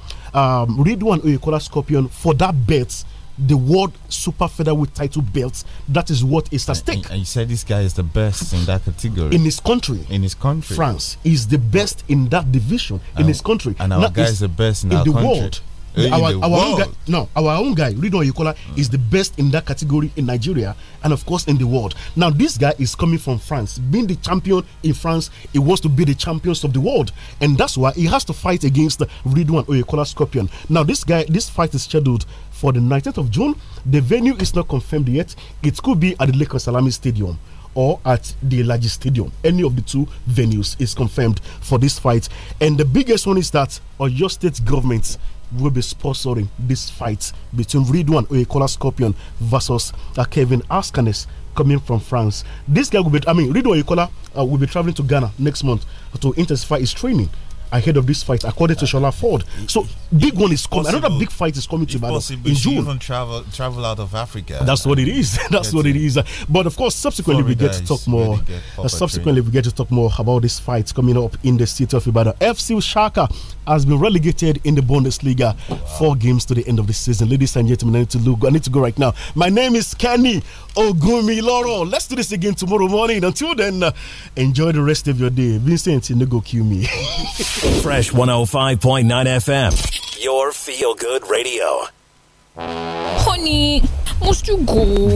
Ridwan Oyekola Scorpion for that belt the world super featherweight title belts. That is what is at stake. And you said this guy is the best in that category. In his country. In his country. France is the best in that division and in his country. And our Not guy is the best in, in the country. world. In our, our Own guy, no, our own guy, Rido Yukola, mm. is the best in that category in Nigeria and, of course, in the world. Now, this guy is coming from France. Being the champion in France, he wants to be the champions of the world. And that's why he has to fight against Ridwan Oyekola Scorpion. Now, this guy, this fight is scheduled for the 19th of June. The venue is not confirmed yet. It could be at the Lake Salami Stadium or at the largest stadium. Any of the two venues is confirmed for this fight. And the biggest one is that Oyo State government will be sponsoring this fight between Ridwan Oyekola Scorpion versus uh, Kevin Askanes coming from France. This guy will be, I mean, Ridwan Oyekola uh, will be traveling to Ghana next month to intensify his training ahead of this fight, according to Shola Ford. So big one is coming. Another big fight is coming to Ibadan possible, in June. Even travel travel out of Africa. That's what it is. *laughs* That's what it is. But of course, subsequently Florida we get to talk more. Uh, subsequently we get to talk more about this fight coming up in the city of Ibadan. FC Shaka has been relegated in the Bundesliga. Wow. Four games to the end of the season, ladies and gentlemen. I need to look. I need to go right now. My name is Kenny Ogumiloro. Let's do this again tomorrow morning. Until then, uh, enjoy the rest of your day. Vincent go kill me. *laughs* Fresh 105.9 FM, your feel good radio. Honey, must you go?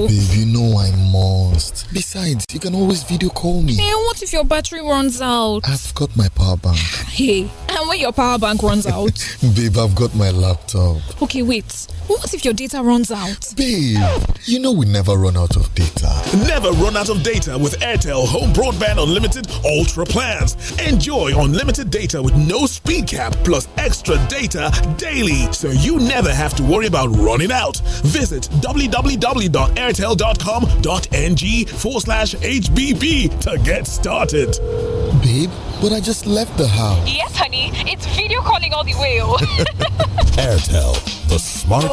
Babe, you know I must. Besides, you can always video call me. Hey, what if your battery runs out? I've got my power bank. Hey, and when your power bank runs out? *laughs* Babe, I've got my laptop. Okay, wait. What if your data runs out? Babe, you know we never run out of data. Never run out of data with Airtel Home Broadband Unlimited Ultra Plans. Enjoy unlimited data with no speed cap plus extra data daily so you never have to worry about running out. Visit www.airtel.com.ng forward slash HBB to get started. Babe, but I just left the house. Yes, honey. It's video calling all the way. *laughs* Airtel, the smart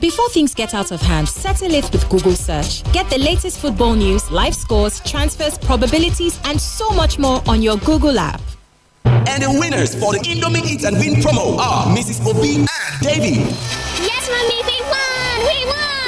Before things get out of hand, settle it with Google search. Get the latest football news, live scores, transfers, probabilities, and so much more on your Google app. And the winners for the Indomie Eat and Win promo are Mrs. Obi and Davy. Yes, mommy, we won! We won!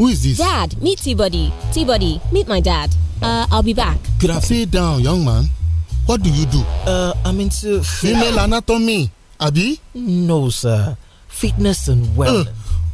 Who is this? Dad, meet T-Body. T-Body, meet my dad. Uh, I'll be back. Could I sit down, young man? What do you do? Uh, I'm into... Female anatomy, Abi? No, sir. Fitness and uh, wellness. Uh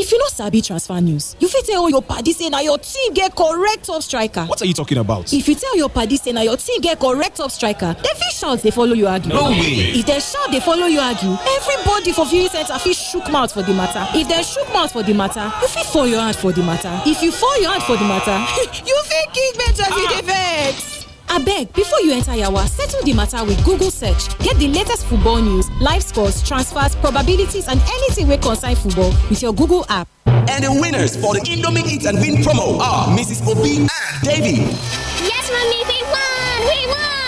if you no sabi transfer news you fit tell all your padi say na your team get correct top striker what are you talking about if you tell your padi say na your team get correct top striker dem fit shout dey follow you argue no way if dem shout dey follow you argue everybody for viewing centre fit shook mouth for di matter if dem shook mouth for di matter you fit fall your hand for di matter if you fall your hand for di matter *laughs* you fit kick bench as you dey vex abeg before you enter yawa settle the matter with google search get the latest football news live scores transfers probabilities and anything wey concern football with your google app. and the winners for the indomie eat and win promo are mrs obi and davy. yes mummy, we won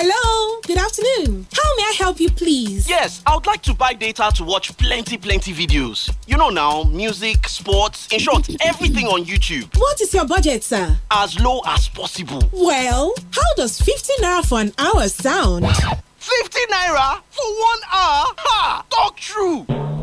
Hello, good afternoon. How may I help you, please? Yes, I would like to buy data to watch plenty, plenty videos. You know now, music, sports, in short, everything on YouTube. What is your budget, sir? As low as possible. Well, how does 15 naira for an hour sound? 50 naira for one hour? Ha! Talk true!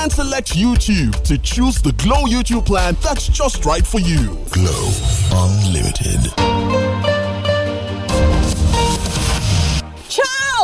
and select YouTube to choose the Glow YouTube plan that's just right for you. Glow Unlimited.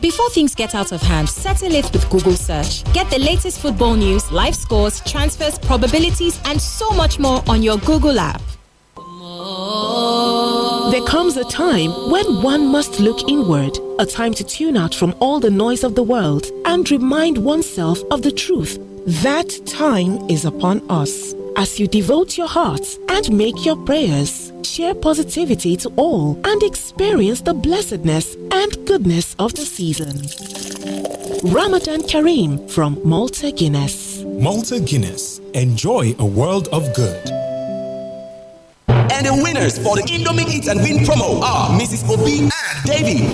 Before things get out of hand, settle it with Google search. Get the latest football news, live scores, transfers, probabilities, and so much more on your Google app. There comes a time when one must look inward, a time to tune out from all the noise of the world and remind oneself of the truth. That time is upon us as you devote your hearts and make your prayers. Share positivity to all and experience the blessedness and goodness of the season. Ramadan Kareem from Malta Guinness. Malta Guinness. Enjoy a world of good. And the winners for the Indomie Eat and Win promo are Mrs. Obi and Davy.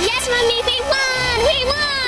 Yes, mommy, we won! We won!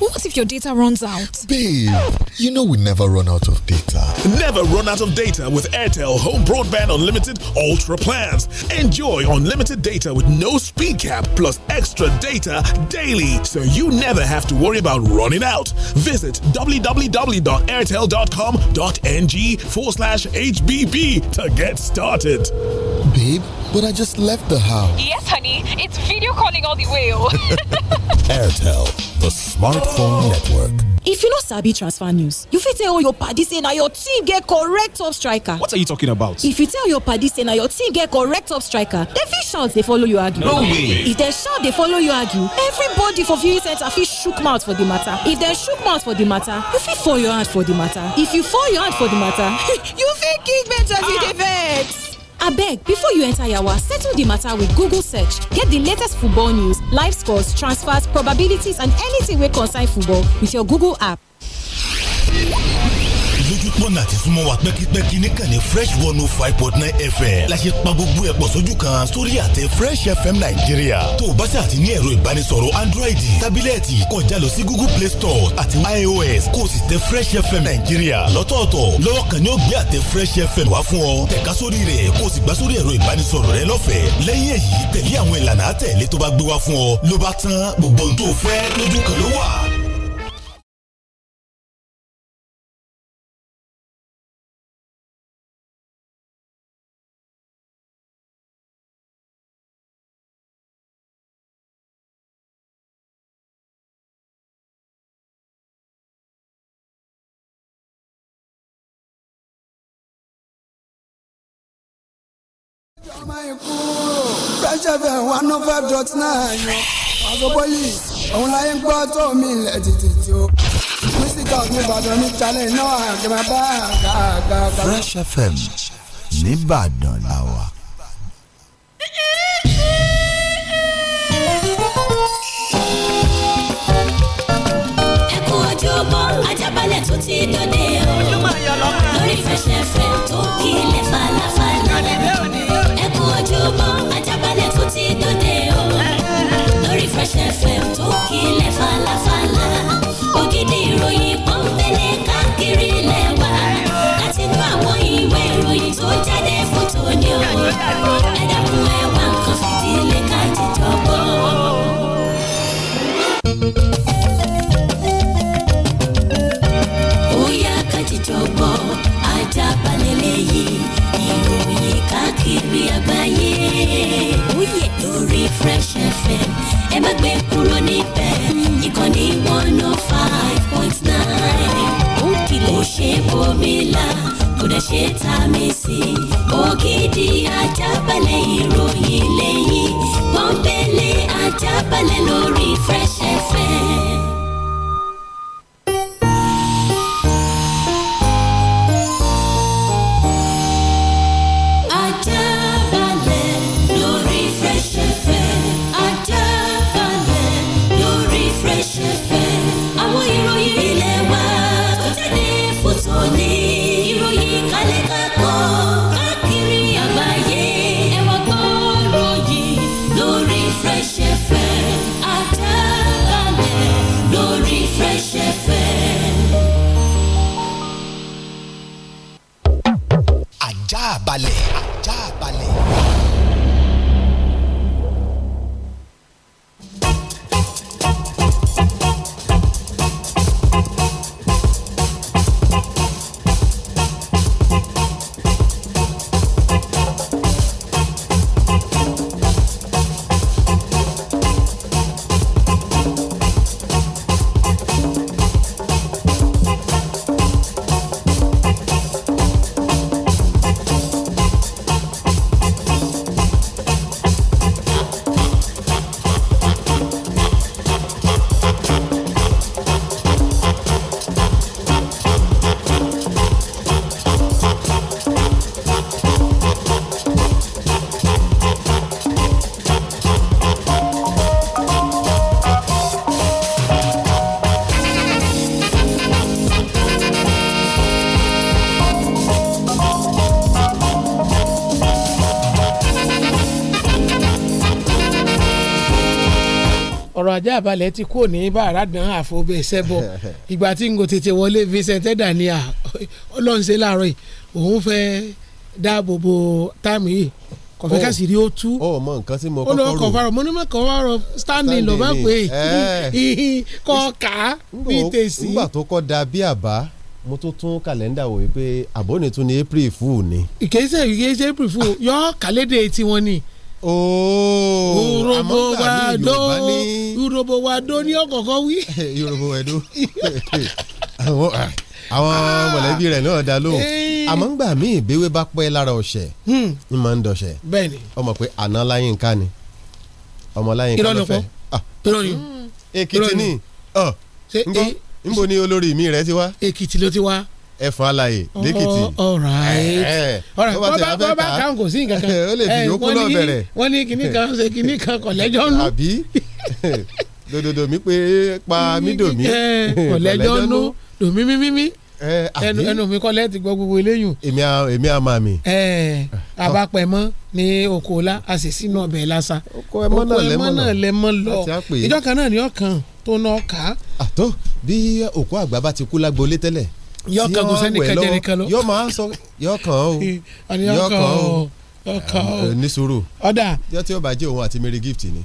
What if your data runs out? Babe, you know we never run out of data. Never run out of data with Airtel Home Broadband Unlimited Ultra plans. Enjoy unlimited data with no speed cap plus extra data daily so you never have to worry about running out. Visit www.airtel.com.ng forward slash HBB to get started. Babe, but I just left the house. Yes, honey. It's video calling all the way. *laughs* *laughs* Airtel, the smart network if you no sabi transfer news you fit tell all your padi say na your team get correct top striker what are you talking about if you tell your padi say na your team get correct top striker the fit shout they follow you argue no way if they shout they follow you argue everybody for viewing centre fit shook mouth for the matter if they shook mouth for the matter you fit fall your hand for the matter if you fall your hand for the matter *laughs* you fit kick me as you abeg before you enter yawa settle the matter with google search get the latest football news live scores transfers probabilities and anything wey concern football with your google app. pọ́nà àti súnmọ́ wa pẹ́kípẹ́kí níkànnì fresh one oh five point nine fm la ṣe pa gbogbo ẹ̀ pọ̀ sójú kan sórí àtẹ fresh fm nàìjíríà tó o bá ṣe àti ní ẹ̀rọ ìbánisọ̀rọ̀ android tábílẹ̀tì kọjá lọ sí google play store àti ios kó o sì tẹ fresh fm nàìjíríà lọ́tọ̀ọ̀tọ̀ lọ́wọ́ kan ni ó gbé àtẹ fresh fm wá fún ọ tẹ̀ka sórí rẹ̀ kó o sì gbà sórí ẹ̀rọ ìbánisọ̀rọ̀ rẹ lọ́fẹ̀ẹ́ lẹ́yìn èyí tẹ̀lé àwọn ìlànà àtẹ̀lé tó bá gbé wá fún má yín kúrò Fresh FM one oh five dot nine yọ àgọ́bọ́lì òun láyé ń gbọ́ tó mi ilẹ̀ tètè tí ó mísítà ní Ìbàdàn ní challenge náà àgbẹ̀mọ̀ bá àgbà àgbà. Fresh FM nìbàdàn làwà. ẹkún ojúbọ ajábalẹ̀ tó ti dòde o lórí Fresh FM tó kílẹ̀ falafala ojúbọ Ajaabale tó ti dòde o eh, eh, eh. lórí Fresh FM tó kílẹ̀ fàlà. ọ̀rọ̀ ajá àbálẹ̀ ti kúrò ní bàrà dán àfọ̀bẹ̀ sẹ́bọ̀ *laughs* ìgbà tí n kò tètè wọlé Vincent Dania ọlọ́nṣẹ́ láàárọ̀ yìí òun fẹ́ dáàbò bo táìmù yìí kọfẹ oh. ká sì rí ó tú ó oh, nǹkan tí mo kọ́kọ́ rò ó lọ kọ fárọ mo ní mọ kọ fárọ standing ló bá pè é eh. *laughs* kọ ká bí tèsí. nígbà tó kọ́ da bí àbá mo tó tún kàlẹ́ndà wò wípé àbónitún ni April fool ni. ìkéṣe ìkéṣe April fool yọ kàlédè tiwọn ni Oh, n'i wa do urobo wa do ní ọkọkọ wí. urobo wa do *laughs* àwọn ah, ah. mọ̀lẹ́bí rẹ̀ náà dá lóhùn àmọ́ ngbà míì ìbéwé bá pẹ́ lára ọ̀sẹ̀ hmm. ń máa ń dọ̀sẹ̀ ọmọ pé àná láyínká ni ọmọ ah. hmm. èkìtì ni oh. ni olórí mi ti wá. èkìtì ti wá ẹfọn alaye lẹkìtì ọ̀rọ̀ bọ́ bá kàn kò sí nǹkan kan *laughs* ó lè fi yókù náà bẹ̀rẹ̀ wọ́n ní kinní kan ṣe kinní kan kọ̀lẹ́jọ́ nù. àbí *laughs* dòdòdò mi pé pa mí dòmí kọ̀lẹ́jọ́ nù dòmí mímímí ẹnu ẹnu mi kọ́ lẹ́ẹ̀tì gbọ́ gbogbo eléyìí. èmi a èmi a máa mi. abapẹ̀mọ́ ah. ní okòólá a sì sínú ọbẹ̀ lásà okò ẹmọ́ náà lẹ́mọ́ lọ ìjọ kan náà ni ọkàn tó náà kà á. àtọ́ bí òkú àgbà bá ti kú lágbo lé tẹ́lẹ̀ yọ kan kò sẹ́ni kẹjẹ nìkan lọ. yọ máa ń sọ yọ kan o yọ kan o yọ o ní ọ̀dà. yọ tí ó bá jẹ́ òun àti Mary gift ni.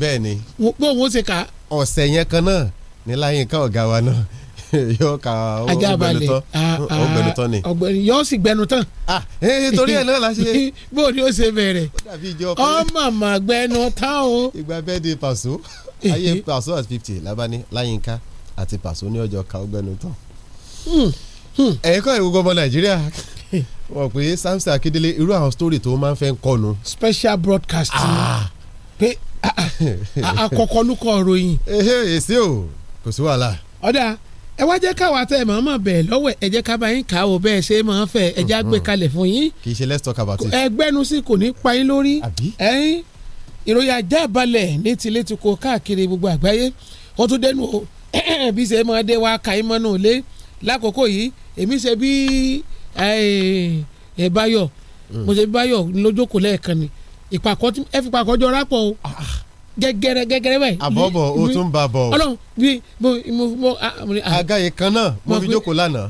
bẹ́ẹ̀ ni. bó wo ṣe kà. ọ̀sẹ̀ yẹn kan náà ní láyé nǹkan ọ̀gá wa náà *laughs* yóò ka ọgbẹnu ah, ni. Ah, ọgbẹni yóò sì gbẹnu ah ee eh, eh, torí ẹ náà la ṣe. *laughs* bó o ní o ṣe bẹ̀rẹ̀ ọmọ mà gbẹnu tán o. ìgbà bẹ́ẹ̀ di pàṣọ ayé eh. pàṣọ at fifty labani láyínká àti pàṣọ ní ọjọ́ ka ọgbẹnu Hmm. Hmm. ẹ̀yin kọ́ ìwúgọ́ ọmọ nàìjíríà wọ́n pé samson akindele irú àwọn story tó máa ń fẹ́ ń kọnu. special broadcast ah. pé àkọ́kọ́ ah, ah, lukọ ròyìn. ehe èsì o kò sí wàhálà. ọ̀dà ẹ wá jẹ́ káwa tẹ mọ̀ mọ̀ bẹ́ẹ̀ lọ́wọ́ ẹ jẹ́ ká bá yín kà ó bẹ́ẹ̀ ṣe máa fẹ́ ẹ jẹ́ àgbẹ̀ mhm. kalẹ̀ fún yín. kì í ṣe let's talk about it. ẹgbẹ́nu sí kò ní pa yín lórí. ẹyin ìròyìn ajá balẹ̀ ní tilé ti kó káàkiri gbogbo àgbáyé ó tún dẹnu o *clears throat* bí ṣe máa dé wa kà í mọ́nú ilé lákòókò yìí èmi ṣe bí ẹ eh, eh, báyọ̀ hmm. mo ṣe bí báyọ̀ lójókòó lẹ́ẹ̀kan ni ìpàkọ́ ẹ fi pàkọ́ jọ rápọ̀ o gẹgẹrẹ ah, ah. gẹgẹrẹ báyìí. àbọ̀bọ̀ o tún ń ba bọ̀ o. ọlọ́run bí mo mo mo. Ah, àga yìí kan náà mo fi jókòó lánàá.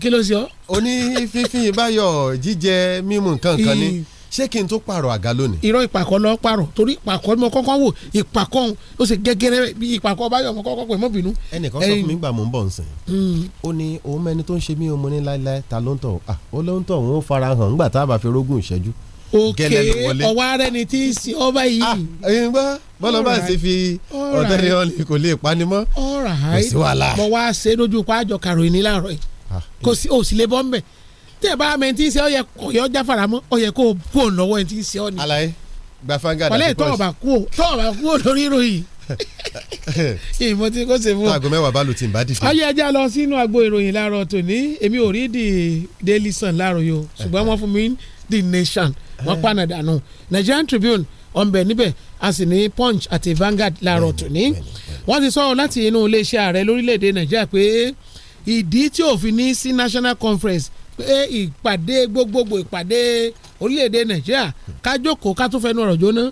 kí ló ṣe ọ. o ní fífín báyọ̀ jíjẹ mímu nǹkan kan ni ṣé kí n tó pààrọ̀ àga lónìí. irọ́ ìpàkọ́ lọ pààrọ̀ torí ìpàkọ́ mọ kọ́kọ́ wò ìpàkọ́ ó sì gẹ́gẹ́rẹ́ bí ìpàkọ́ báyọ̀ mọ kọ́kọ́ pẹ̀ mọ́ bínú. ẹnìkan sọ fún mi gbà mò ń bọ̀ ń sìn. Hmm. ó ní òun mẹ́ni tó ń ṣe mí omo ní láéláé ta ló ń tọ̀ ó ló ń tọ̀ òun ó fara hàn ńgbà tá a bá fi rógùn ìṣẹ́jú. òkè ọwọ́ ara ẹni tí í bọ́lá bá ṣe fi ọ̀tẹ́ni ọ̀lì kò lè panimọ́ kò sí wàhálà. mo wá ṣe lójú pàjọ kàròyìn láàárọ̀ yìí kò sí òsì lè bọ́ ń tẹ bá mi ti ṣe ọyẹ ọyọ jáfara mọ ọyẹ kó o kú ò lọ́wọ́ ẹ ti ṣe ọ ni. alaye gba fanga dàbí pọ́s. pọ̀lẹ́ tọ́ọ̀bà kú ò tọ́ọ̀bà kú ò lórí ìròyìn. *laughs* ìmọ̀ tí kò ṣe fún. aago mẹ́wàá bá lu ti ń bá dìde. ayé ẹja lọ sínú agbo ìròyìn láàárọ̀ tòní èmi ò rí di Daily Sun láàárọ̀ yìí o ṣùgbọ́n wọ́n fún mi The Nation wọ́n pàna dànù Nigerian Tribune ọ̀nbẹ níbẹ̀ a sì ní Punch àti Vanguard láàárọ̀ tòní wọ́n ti sọ láti inú iléeṣẹ́ ààrẹ lórílẹ̀‐èdè Nàìjíríà pé ìdí tí òfin ní sí National Conference ìpàdé gbogbogbò ìpàdé orílẹ̀-èdè nàìjíríà kájókòó ká tó fẹnu ọ̀rọ̀ jóná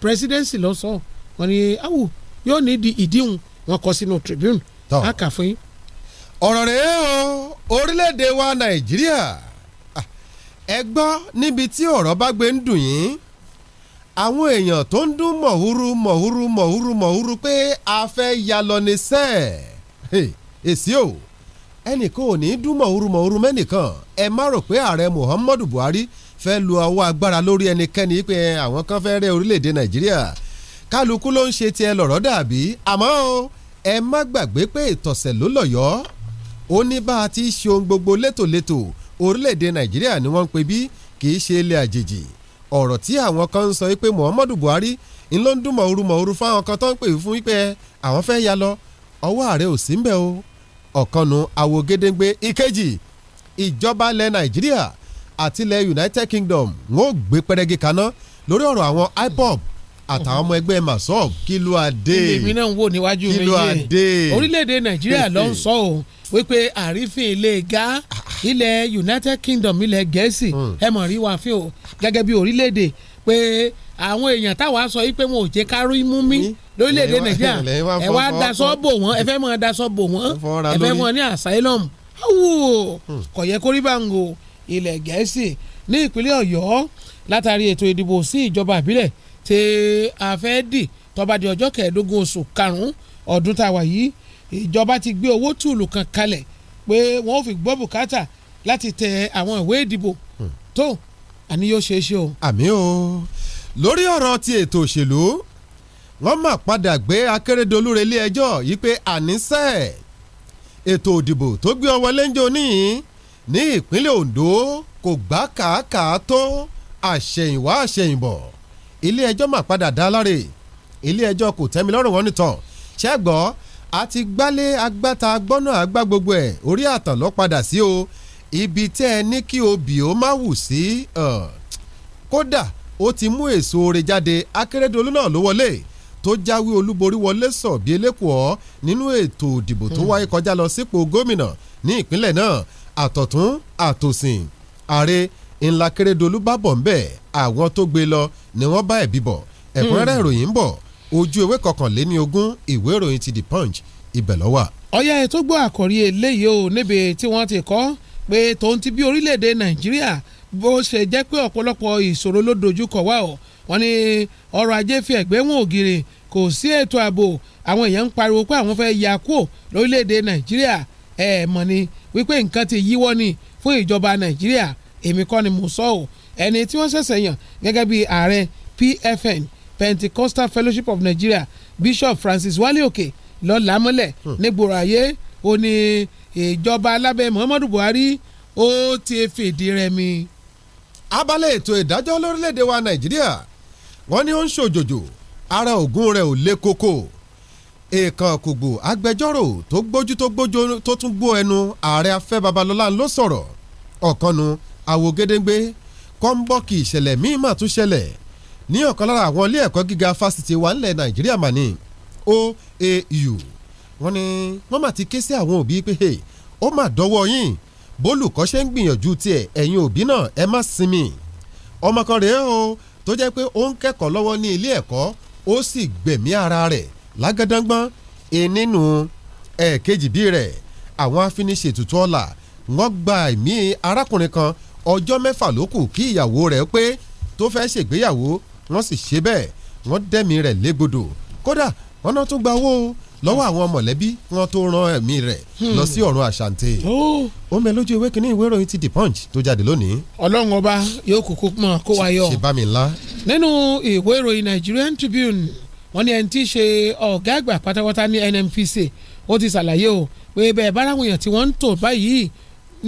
presidency lọ sọ wọn ni awu yóò ní di ìdíhùn wọn kọ sínú tribune láka fún yín. ọ̀rọ̀ rèé o orílẹ̀-èdè wa nàìjíríà ẹ gbọ́ níbi tí ọ̀rọ̀ bá gbé ń dùn yín àwọn èèyàn tó ń dún mọ̀húrú mọ̀húrú mọ̀húrú mọ̀húrú pé a fẹ́ ya lọ ní sẹ́ẹ̀ èsì o. Hey, ẹnìkan ò ní dúnmọ̀ orúmọ̀ orú mẹ́nìkan ẹ má rò pé ààrẹ Muhammadu Buhari fẹ́ lu ọwọ́ agbára lórí ẹnikẹ́ni pé àwọn kan fẹ́ rẹ́ orílẹ̀-èdè Nàìjíríà kálukú ló ń ṣe tiẹ̀ lọ̀rọ̀ dàbí àmọ́ ẹ má gbàgbé pé ìtọ̀sẹ̀ ló lọ̀yọ́ ó ní bá a ti ṣe ohun gbogbo létòlétò orílẹ̀-èdè Nàìjíríà ni wọ́n ń pe bí kì í ṣe ilé àjèjì ọ̀rọ̀ tí àwọn kan ń sọ pé Muhammadu Buhari ń ló ń dún mọ̀ọ́rú mọ̀ọ́rú fáwọn kan tó ń pè fún pé àwọn fẹ́ ya lọ ọwọ́ ààrẹ ò sí ń bẹ̀ o ọ̀kanu awogedengbe ìkejì ìjọba ilẹ̀ nàìjíríà àti ilẹ̀ united kingdom ń ó gbé pẹrẹgì kaná lórí ọ̀rọ̀ àwọn ipob àtàwọn ọmọ ẹgbẹ́ masob kí ló adé èmi náà ń wò níwájú mi yé orílẹ̀-èdè nàìjíríà ló ń sọ o wípé àrífín ilé ga ilẹ̀ united kingdom ilẹ̀ gẹ̀ẹ́sì hmm. ẹ mọ̀ rí wàá fi o gẹ́gẹ́ bí orílẹ̀-èdè pé àwọn èèyàn táwa sọ yìí pé wọn ò jẹ́ ká rí mú mi. Mm lórílẹ̀‐èdè nàìjíríà ẹ wá daṣọ́ bò wọ́n ẹ fẹ́ mọ̀ daṣọ́ bò wọ́n ẹ fẹ́ mọ̀ ní asylum awo hmm. kò yẹ kó rí báńgò ilẹ̀ gẹ̀ẹ́sì ní ìpínlẹ̀ ọ̀yọ́ látàrí ètò ìdìbò sí ìjọba àbílẹ̀ tí a fẹ́ dì tó bá di ọjọ́ kẹẹ̀ẹ́dógún oṣù karùn-ún ọdún tá a wà yìí ìjọba ti gbé owó tùlù kan kalẹ̀ pé wọ́n ò fi gbọ́ bùkátà láti tẹ àwọn ìwé ìdìbò hmm. tó àní yóò o. àmì o lórí ọ̀rọ̀ ti ètò òṣèlú wọ́n máa padà gbé Akérédolú re ilé ẹjọ́ yìí pé àníṣe ètò òdìbò tó gbé ọ wọlé ń jò níyìn ní ìpínlẹ̀ Ondo kò gbá kàákàá tó àṣẹ̀yìnwá àṣẹ̀yìnbọ̀ ilé ẹjọ́ máa padà dá láre ilé ẹjọ́ kò tẹ́mi lọ́rùn wọn nìtàn ṣẹ́gbọ́ àti gbálé agbáta gbọ́nà àgbá gbogbo ẹ̀ orí àtàn lọ́ padà sí o ibi tẹ́ ẹ ní kí obì ó má wù sí kódà ó ti mú èso oore jáde Akérédolú náà ló wọlé tó jáwé olúborí wọlé sọ bí elékòó nínú ètò ìdìbò tó hmm. wáyé kọjá lọ sípò gómìnà ní ìpínlẹ̀ náà àtọ̀tún àtòsìn ààrẹ ńlá kérésìdọ́lù bá bọ̀ ńbẹ̀ àwọn tó gbé lọ ni wọ́n bá ẹ̀bí bọ̀ ẹ̀kúnrẹ́rẹ́ hmm. ìròyìn ń bọ̀ ojú ewé kọkànléní ogún ìwé ìròyìn ti The Punch ibẹ̀ ló wà. ọ̀yá ẹ̀ tó gbọ́ àkọ́rí eléyìí o níbi tí wọ́n ti kọ́ pé tòun ti bí orílẹ̀-èdè Nàìjíríà bó ṣe jẹ́ pé ọ̀pọ̀lọpọ̀ ìṣòro ló dojúkọ wá o wọ́n ní ọrọ̀ ajé fi ẹ̀gbẹ́ wọn ògiri kò sí ètò ààbò àwọn èèyàn ń pariwo pé àwọn fẹ́ ya kúò lórílẹ̀‐èdè nàìjíríà ẹ̀ mọ̀ ni wípé nǹkan ti yíwọ́ ni fún ìjọba nàìjíríà èmi kọ́ ni mo sọ ọ́ ẹni tí wọ́n ṣẹ̀ṣẹ̀ yàn gẹ́gẹ́ bí ààrẹ PFN Pentecostal Fellowship of Nigeria Bishop Francis Waleoke, Òkè ló lámọ́lẹ̀ hmm. nígboro ayé ó ní ìjọba alábẹ́ Muhammadu Buhari ó ti fìdí rẹmi. abalẹ̀ ètò ìdájọ́ lórílẹ̀‐èdè wa nàìjíríà wọ́n ní ó ń ṣòjòjò ara ògùn rẹ̀ ò lé koko èèkàn kùgbù agbẹjọ́rò tó gbójú tó gbójú tó tún gbó ẹnu ààrẹ afẹ́ babalọ́lá ló sọ̀rọ̀ ọ̀kanu àwògedengbe kọ́ńbọ́ọ̀kì ìṣẹ̀lẹ̀ míì mà tún ṣẹlẹ̀ ní ọ̀kan lára àwọn ilé ẹ̀kọ́ gíga fásitì wa ńlẹ̀ nàìjíríà mà ní OAU wọ́n ní wọ́n mà ti ké sí àwọn òbí pé ó mà dọ́wọ́ yín bólùkọ́ ṣe ń gbìyànjú tiẹ̀ ẹ̀yin òbí náà ẹ má sinmi ọmọ rèé o tó jẹ́ pé ó ń kẹ́kọ̀ọ́ lọ́wọ́ ní ilé ẹ̀kọ́ ó sì gbẹ̀mí ara rẹ̀ lágàdángbọ́n ìnínú ẹ̀ẹ̀kejì bí rẹ̀ àwọn afiniṣètùtù ọ̀la wọ́n gba ẹ̀mí arákùnrin kan ọjọ́ mẹ́fà ló kù kí ìyàwó rẹ̀ pé tó fẹ́ ṣègbéyàwó wọ́n sì ṣe bẹ́ẹ̀ wọ́n dẹ́mi rẹ̀ légbodò kódà wọ́n náà tún gba owó lọ́wọ́ àwọn mọ̀lẹ́bí wọn tó ran ẹ̀mí rẹ̀ lọ sí ọ̀run àṣàǹtẹ̀ hmm. ó mẹ lójú ewé kínní ìwé ìròyìn ti the punch tó jáde lónìí. ọlọ́run ọba yóò kúkú mọ̀ kó wa yọ. ṣe bá mi ńlá. nínú ìwé ìròyìn Nigerian Tribune wọ́n ní ẹni tí í ṣe ọ̀gá àgbà pátápátá ní NNPC ó ti ṣàlàyé o pé bẹ́ẹ̀ báráwọn èèyàn tí wọ́n ń tò báyìí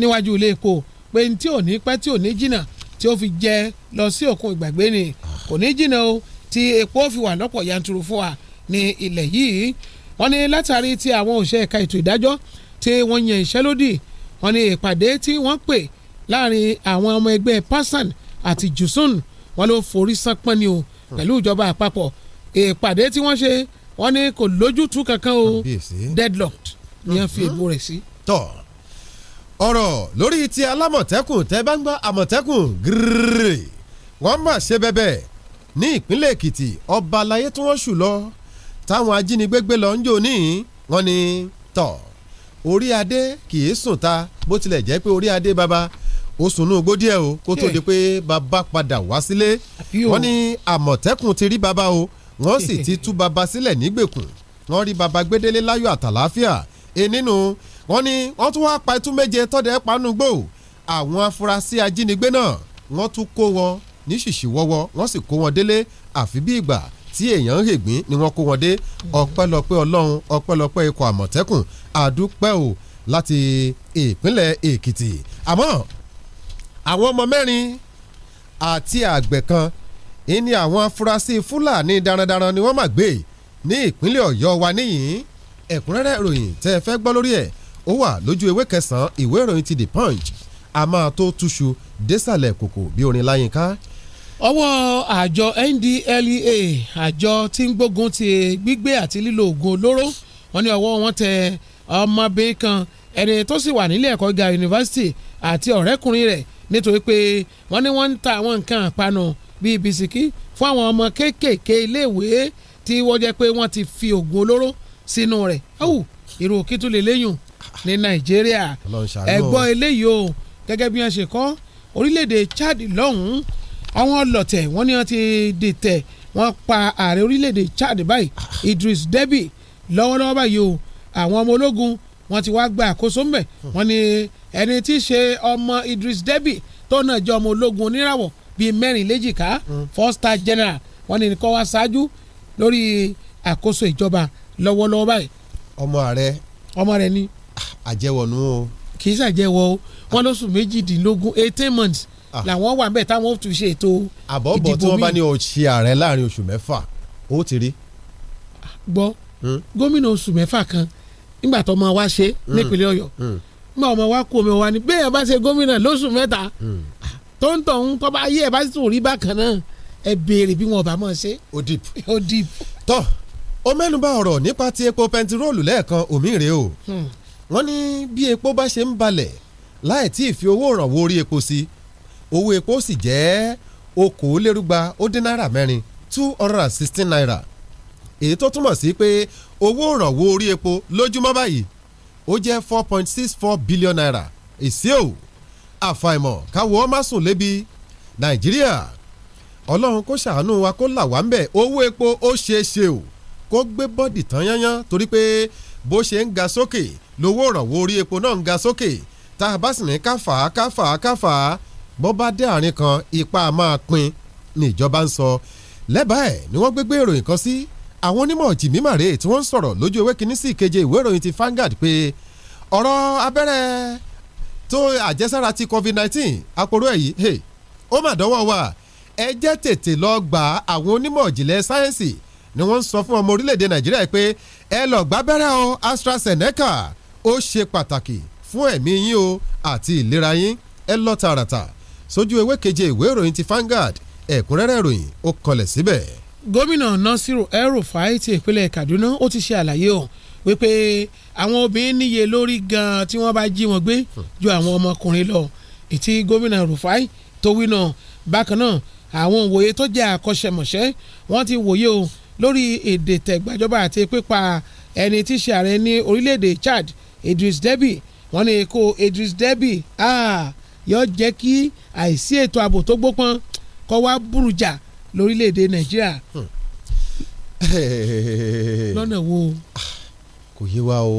níwájú ilé epo pé ní tí ò ní pẹ́ tí ò ní jìnnà tí ó fi jẹ lọ sí òkun ìgbàgbé ni kò ní jìnnà o tí epo fi wà lọ́pọ̀ yanturu fún wa ní ilẹ̀ yìí wọ́n ní látàrí ti àwọn òṣìṣẹ́ ẹ̀ka ètò ìdájọ́ tí wọ́n yan ìṣẹ́lódì wọ́n ní ìpàdé tí wọ́n pè láàrin àwọn ọmọ ẹgbẹ́ Pasan àti Jusun wọ́n ló forí sánpọ́n ni o pẹ̀lú ìjọba àpapọ̀ ìpàdé tí wọ́n ṣe wọ́n ní kò lójútùú kankan o deadlocked ni wọ́n fi ègbò rẹ̀ sí. tọ́ ọ̀rọ̀ lórí ti alámọ̀tẹ́kùn tẹ́ bá ń gbọ́ àmọ̀tẹ́kùn gírírì wọ́n mà ṣe bẹ́bẹ́ ní ìpínlẹ̀ Èkìtì ọba alayé tí wọ́n ṣù lọ táwọn ajínigbé gbé lọ ń jò níyìn wọ́n ní tọ̀ orí adé kì í sùn ta bó tilẹ̀ jẹ́ pé orí adé baba ó sùn náà gbódìẹ o kó tó di pé baba padà wá sílé wọ́n ní àmọ̀tẹ́kùn ti rí baba o wọ́n sì ti *laughs* tú baba sílẹ̀ nígbèkùn wọ́n rí baba gbédélé láyọ̀ àtàlàáfíà e nínú wọ́n ní wọ́n tún wáá pa ẹtú méje tọ́dẹ̀ panu gbò àwọn afurasí ajínigbé náà wọ́n tún kó wọn ní ṣìṣì wọ́wọ́ wọ́n sì kó wọn délé àfi bí ìgbà tí èèyàn ń règbín ni wọ́n kó wọn dé ọpẹ́lọpẹ́ ọlọ́run ọpẹ́lọpẹ́ ikọ̀ àmọ̀tẹ́kùn àdúpẹ́ o láti ìpínlẹ̀ èkìtì àmọ́ àwọn ọmọ mẹ́rin àti àgbẹ̀ kan ìní àwọn afurasí fúlàní darandaran ni wọ́n mà gbé ní ìpínlẹ̀ ọ̀yọ́ wa níyìn ẹ̀kúnrẹ́rẹ́ ìròyìn tẹ́ ẹ fẹ́ gbọ́ lórí ẹ̀ ó wà lójú ewé kẹsàn-án ìwé ìròyìn ti the punch a máa tó túṣu désàlẹ̀ kòkò bí orin láyínká ọwọ́ àjọ NDLEA àjọ tí ń gbógun ti gbígbé àti lílo oògùn olóró wọ́n ní ọwọ́ wọn tẹ ọmọbìnrin kan ẹni tó sì wà nílé ẹ̀kọ́ ga yunifásitì àti ọ̀rẹ́kùnrin rẹ̀ nítorí pé wọ́n ní wọ́n ń ta àwọn nǹkan àpanu bíi bisikí fún àwọn ọmọ kéékèèké iléèwé tí wọ́n jẹ́ pé wọ́n ti fi oògùn olóró sínú rẹ̀ ọ̀hún irú òkìtú lè léyùn ní nàìjíríà ẹ̀gbọ́n eléyìí o gẹ́gẹ́ bí wọ́n ṣe kọ́ orílẹ̀-èdè Chad lọ́hùn-ún àwọn ọlọ̀tẹ̀ wọ́n ní wọ́n ti dìtẹ̀ wọ́n pa ààrẹ orílẹ̀-èdè Chad báyìí Idris Deby lọ́wọ́lọ́wọ́ báyìí o àwọn ọmọ ológun wọ́n ti wá gba àkóso ńbẹ̀ wọ́n ní ẹni tí í ṣe ọmọ Idris Deby tó náà jẹ́ ọmọ ológun oníràwọ̀ bíi mẹ́rin léjìká four star general wọ́n ní kó wá ṣáájú lórí àkóso ìjọba lọ́wọ́lọ́wọ́ báyìí. ọmọ rẹ ọmọ rẹ ni. àjẹwọ̀ nù o. kì í ṣàjẹwọ̀ o wọ́n lóṣù méjìdínlógún eighteen months Ah. làwọn wà níbẹ̀ táwọn ó tún ṣe ètò ìdìbò mi. àbọ̀bọ̀ tí wọ́n bá ní ọ̀ṣì ààrẹ láàrin oṣù mẹ́fà ó ti rí. Ah, gbọ́ hmm. gómìnà oṣù mẹ́fà kan nígbà tó ọmọ wa ṣe hmm. nípínlẹ̀ ọ̀yọ́ hmm. nígbà ọmọ wa kú omi wa ni bẹ́ẹ̀ bá ṣe gómìnà lóṣù mẹ́ta ah, tó ń tọ̀hún tó bá yẹ ẹ bá sì tún rí bákan náà ẹ béèrè bí wọn ò bá mọ̀ ṣe. ó dìp ó dìp. tọ́ ó mẹ́nuba ọ̀rọ̀ nípa ti epo pẹntiróòlù lẹ́ẹ̀kan òmíire o wọ́n ní bí epo bá ṣe ń balẹ̀ láì tí ì fi owó ìrànwọ́ orí epo sí owó epo sì jẹ́ okòólérúgba ó dín náírà mẹ́rin two hundred and sixteen naira èyí tó túmọ̀ sí pé owó òrànwó orí epo lójúmọ́ báyìí ó jẹ́ four point six four billion naira èsì ò àfàìmọ̀ káwọ́ má sùn lébi nàìjíríà ọlọ́run kó ṣàánú wa kó là wá ń bẹ̀ owó epo ó ṣeé ṣe o kó gbé bọ́dì tán yányán torí pé bó ṣe ń ga sókè lówó òrànwó orí epo náà ń ga sókè tá a bá sì ní káfà káfà káfà bó bá dé àárín kan ipa máa pin ni ìjọba ń sọ lẹ́bàá ẹ̀ ni wọ́n gbégbé ìròyìn kan sí àwọn onímọ̀ jìmímàrè tí wọ́n ń sọ̀rọ̀ lójú ewé kínní sí ìkeje ìwé ìròyìn ti Vanguard pé ọ̀rọ̀ abẹ́rẹ́ tó àjẹsára ti COVID-19 aporó ẹ̀yí hey, ó mà dọ́wọ́ wa ẹ jẹ́ tètè lọ gba àwọn onímọ̀ ìjìnlẹ̀ sáyẹ́nsì ni wọ́n ń sọ fún ọmọ orílẹ̀-èdè Nàìjíríà pé ẹ lọ gbábẹ́rẹ́ o AstraZeneca ó ṣe pàtàkì fún ẹ̀mí yín o àti ìlera yín ẹ lọ tààràtà sójú ewé keje ìwé ìròyìn ti Vanguard ẹ̀kúnrẹ́rẹ́ ìròyìn ó kọlẹ̀ síbẹ̀. gómìnà Nasiru El-Rufai ti ìpínlẹ̀ Kaduna ó ti ṣe àlàyé o wípé àwọn obìnrin níye lórí gan-an tí wọ́n bá jí wọn gbé ju àwọn ọmọkùnrin lọ ìtì gómìnà Rufai tó wí náà bákan náà àwọn òwòye tó jẹ́ àkọ́ṣẹ́mọṣẹ́ wọ́n ti wòye o lórí èdè tẹ̀gbàjọba àti pípa ẹni tí í ṣe ààrẹ ní orílẹ̀-èdè Chad Idris Deby wọ́n ní ikú Idris Deby ah, yóò jẹ́ kí àìsí ètò ààbò tó gbópọn kọ́ wá burújà lórílẹ̀‐èdè nàìjíríà. Hmm. *laughs* lọ́nà wo. kò yé wa o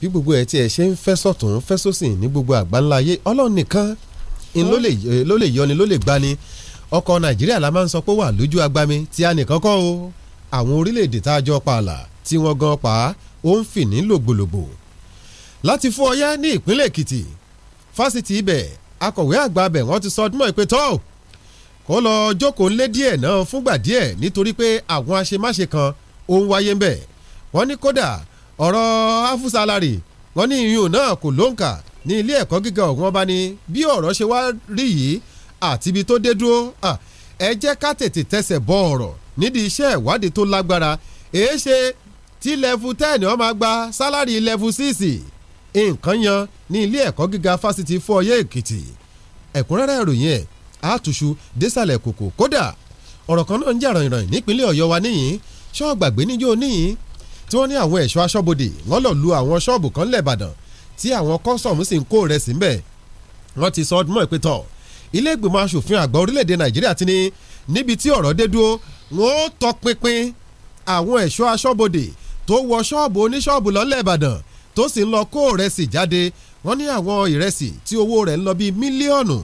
bí gbogbo ẹ̀ tí ẹ̀ ṣe ń fẹ́ sọ̀tún fẹ́ sósì ní gbogbo àgbáńlá ayé ọlọ́run nìkan eh, ló lè yọni ló lè gbani ọkọ̀ nàìjíríà la máa ń sọ pé wà lójú agbami tí a nìkan kọ́ o àwọn orílẹ̀-èdè tá a jọ pààlà tí wọ́n gan pa ó ń fì ní lògbòlògbò láti fún ọyá ní ìpínlẹ̀ èkìtì fásitì ibẹ̀ akọ̀wé àgbà abẹ̀ wọ́n ti sọ ọdún mọ́ ìpè tọ́ kó lọ jókòó ńlé díẹ̀ náà fúngbà díẹ̀ nítorí pé àwọn aṣemáṣe kan ó ń wáyé ńbẹ̀ wọ́n ní kódà ọ̀rọ̀ áfúsálárì wọ́n ní ìyún náà kò lóǹkà ní ilé ẹ̀kọ́ gíga ọ̀gbọ́n bá ní bí ọ̀rọ̀ ṣe wá rí yìí àti ibi tó dé dúró ẹ jẹ́ ká tètè tẹsẹ̀ bọ ọ̀rọ̀ nídìí iṣẹ́ ìwádìí tó lágbára èé tí lẹ́fù tẹ́ẹ̀nì ó máa gba sálárì lẹ́fù síìsì nǹkan yan ní ilé ẹ̀kọ́ gíga fásitì fọyẹ́ èkìtì ẹ̀kúnrẹ́rẹ́ ìròyìn ẹ̀ àtúnṣu désàlẹ̀ kòkò kódà ọ̀rọ̀ kan náà ń jà ràìnràìn nípínlẹ̀ ọ̀yọ́ wa níyìn ṣọ́ọ̀gbàgbé níjó níyìn tí wọ́n ní àwọn ẹ̀ṣọ́ aṣọ́bodè wọ́n lọ lu àwọn ṣọ́ọ̀bù kan lẹ́bàdàn tí àwọn kọ́sọ̀mù sì ń kó rẹ̀ sí mbẹ̀ wọ́n ti sọ ọdún mọ́ ìpè tọ̀ ilé ìgbìmọ̀ tó sì ń lọ kó ìrẹsì jáde wọ́n ní àwọn ìrẹsì tí owó rẹ̀ ń lọ bíi mílíọ̀nù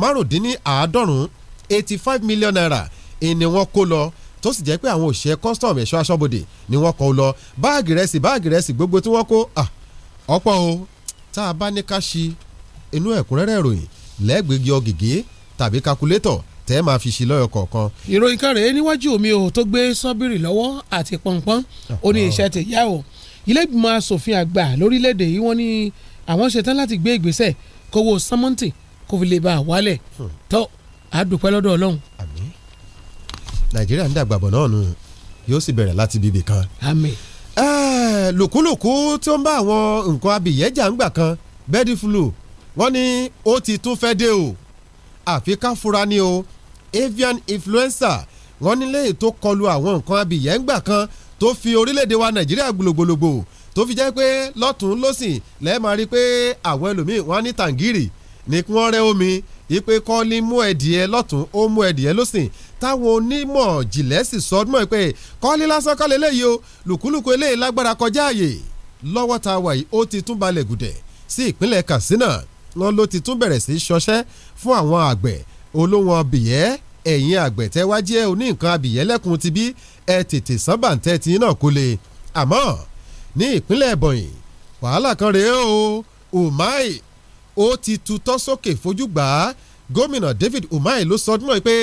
márùndínláàádọ́rùn-ún eighty five million naira ni wọ́n kó lọ tó sì jẹ́ pé àwọn òṣìṣẹ́ custom ẹ̀ṣọ́ aṣọ́bodè ni wọ́n kọ́ lọ báàgì rẹsì báàgì rẹsì gbogbo tí wọ́n kó ọ̀pọ̀ o tá a bá ní ká ṣi inú ẹ̀kúnrẹ́rẹ́ ìròyìn lẹ́gbẹ̀ẹ́gì ọ̀gìgì tàbí kakulétọ̀ tẹ́ ẹ máa fi ṣe lọ́yọ̀ kọ̀ọ̀kan. ìròyìn kan rèé níwájú mi ò tó gbé sọ́bìrì lọ́wọ́ àti pọ̀npọ́n ah, ó ní ah. iṣẹ́ ti yá o ilé ìgbìmọ̀ asòfin àgbà lórílẹ̀‐èdè yìí wọ́n ní àwọn ṣetán láti gbé ìgbésẹ̀ kówó sánmọ́ǹtì kó fi lè bá a wálẹ̀ hmm. tó àdùpẹ́ lọ́dọ̀ ọlọ́run. àmín nàìjíríà ń dàgbà bọ̀ náà nù yóò sì bẹ̀rẹ̀ láti bíbí kan. àmín. Eh, lòkúlòkú tí ó ń bá àwọn nǹkan abìyẹ́jà ń gbà kan bẹ́ẹ̀dì flu wọ́n ní ó ti tún fẹ́ dé o àfi ká fura ni o avian influenza wọ́n nílé ètò kọlù àwọn nǹkan abìyẹ́ ń gbà kan tó fi orílẹ̀-èdè wa nàìjíríà gbòlògbòlògbò tó fi jẹ́ pé lọ́tún lọ́sìn lẹ́ẹ̀ máa rí pé àwọn ẹlòmíì wọ́n á ní tàǹgìrì ní kí wọ́n rẹ́ omi ipe kọ́ni mú ẹ̀dìẹ lọ́tún ó mú ẹ̀dìẹ lọ́sìn táwọn onímọ̀ jìnlẹ̀ sì sọ ọdún mọ́ pé kọ́ni lásán kọ́lé léyìí o lùkúlùkù eléyìí lágbára kọjá àyè lọ́wọ́ tá a wà yìí ó ti tún balẹ̀ gùdẹ̀ sí ìpínlẹ̀ Katsina wọn ló ti tún bẹ̀rẹ̀ sí ṣọṣẹ́ fún àwọn àgbẹ̀ olóhùn ọbìyẹ́ ẹ̀yin àgbẹ̀ tẹ́ wá jẹ́ oní nǹkan abìyẹ́lẹ́kùn ti bí ẹ tètè san bàǹtẹ́ ti náà kó lè àmọ́ ní ìpínlẹ̀ bọ̀yìn wàhálà kan rèé o Umahi ó ti tutọ́ sókè fojú gbà á gómìnà David Umahi ló sọ ọdún náà pé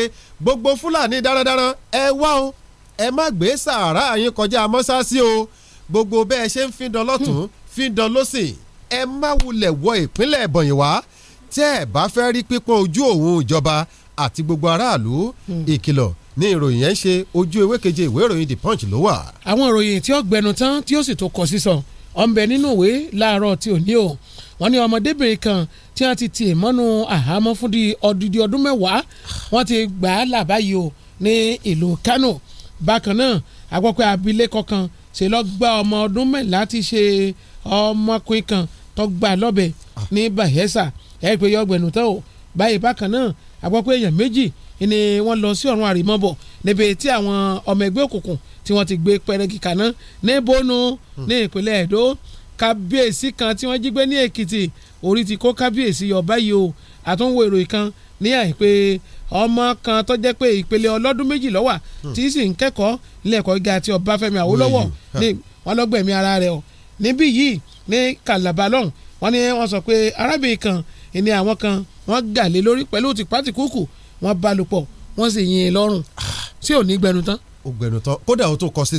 gbogbo Fúlàní darandaran ẹ wá o ẹ má gbé sàárà yín kọjá mọ́sáàsì o gbogbo bẹ́ẹ̀ ṣe ń fi dán lọ́tún hmm. fi dán lọ́sìn ẹ má wulẹ̀ wọ ìpínlẹ̀ bọ̀yìn wá tẹ́ ẹ bá fẹ́ rí pípọ́n ojú òun ìjọba àti gbogbo aráàlú hmm. ìkìlọ̀ ní ìròyìn yẹn ṣe ojú ewé keje ìwé ìròyìn The Punch ló wà. àwọn ìròyìn tí ó gbẹnu tán tí ó sì tó kọ sísọ ọ̀nbẹ nínú ìwé láàárọ̀ tí ò ní o wọ́n ní ọmọdébìnrin kan tí wọ́n ti tì mọ́nú àhámọ́ fún di odidi ọdún mẹ́wàá wọ́n ti gbà á là báyìí o ní ìlú Kano bákan náà àgbọ̀pẹ́ abilékọ kan ṣe lọ gba ọmọ ọdún mẹ́la ti ṣe ọmọkùnrin kan tó gbà lọ́bẹ̀ ah. ní Bayelsa ẹ̀ pé yọ̀gbẹ̀nù tán o báyìí bákan náà àgbọ́ pé èèyàn méjì ni wọ́n lọ sí ọ̀run àrèmọ́bọ̀ níbi tí àwọn ọmọ ẹgbẹ́ òkùnkùn tí wọ́n ti gbé pẹrẹgì kaná ní bónú hmm. ní ìpínlẹ̀ Ẹdó kábíyèsí kan tí wọ́n jí gbé ní Èkìtì orí ti kó kábíyèsí yọ báyìí o àtúnwò ìròyìn kan ní àìpé ọmọ kan tó jẹ́ pé ìpele ọlọ́dún méjì ló wà hmm. tí sì ń kẹ́kọ̀ọ́ nílẹ̀ ẹ̀kọ́ gíga ti Ọbáfẹ́mi Awólọ́wọ̀ hmm. ní wọ́n lọ́gbẹ̀mí ara rẹ̀ o níbí yìí ní Kàlàbà lọ́hùn wọ́n ní wọ́n sọ pé arábìnrin kan ìní àwọn kan wọ́n gà lé lórí pẹ̀lú ti pátíkùkù wọ́n bá lò pọ̀ wọ́n sì yin in lọ́rùn tí ò ní gbẹnu tán ògbẹ̀nù tán kódà ó tó kọ sí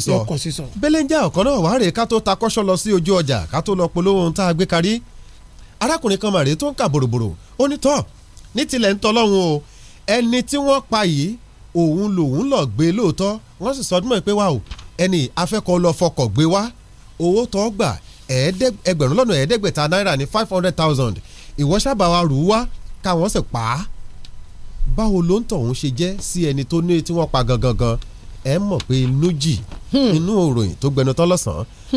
sọ bẹ́lẹ́njà ọ̀kan náà wàá rèé ká tó ta kọ́ṣọ́ lọ sí ojú ọjà ká tó lọ polówó ohun tá a gbé karí arákùnrin kan màrè tó ń kà bòròbòrò ó ní tọ́ ní tilẹ̀ ń tọ́lọ́hún o ẹni tí wọ́n pa yìí òun lòun lọ gbé lóòótọ́ wọ́n sì sọdún mọ́ pé wà o ẹni afẹ́kọ̀ọ́ lọ fọkọ̀ gbé wá owó tó gbà ẹgbẹ̀rún lọ́nà ẹ̀ẹ́dẹ́gbẹ̀ta náírà ní five hundred thousand ìwọ sábà wa rù ú wá káwọn sì pa á báwo ló ń tọ̀hún ṣe jẹ́ sí ẹni tó ní tí wọ́n pa gangan gan ẹ mọ̀ pé inú jì hmm. inú òròyìn tó gbẹnu tán án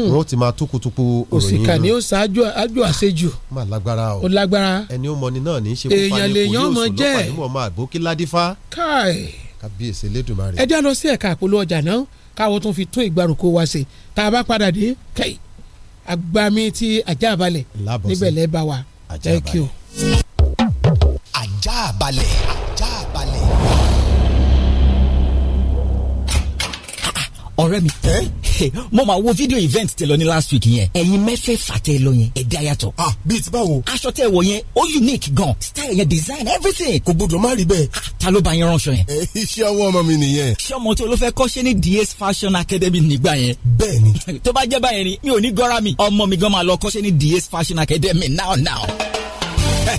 wọn ó ti máa túkutuku òròyìn inú. òṣìkà ni ó ṣáájú àjò àṣejù. má lágbára o ó lágbára. ẹni ó mọni náà ní í ṣe kópa ní kò yóò sùn lọ́pàá ní mọ̀ máa ládífá. káì kábíyèsí elédùnmarè. ẹ já lọ sí ẹ̀ka àpolówó ọjà náà káwọ́ tún fi tún ìgbárùkù wa ṣe tá a bá padà dé kẹ́ì agbami ti ajá níbẹ̀ lẹ́ bá wa ajá balẹ̀. ajá ọ̀rẹ́ mi mo máa wo video event tẹ lọ ní last week yẹn ẹ̀yin mẹ́fẹ̀ẹ̀fà tẹ lọ yẹn ẹ̀dá yàtọ̀. ah bíi ti báwo. aṣọ tẹ wọ yẹn ó unique gan style yẹn design everything. kò gbọdọ̀ má rí bẹ́ẹ̀. Ah, ta ló bá yẹn ránṣọ yẹn. iṣẹ́ ọwọ́ ọmọ mi nìyẹn. iṣẹ́ ọmọ tí olófẹ́ kọ́ṣẹ́ ní DS Fashion Academy nígbà yẹn. bẹ́ẹ̀ni. *laughs* tó bá jẹ́ báyẹn ni mi ò ní gọ́ra mi ọmọ mi gan máa lọ kọ́ṣẹ́ ní DS Fashion Academy now now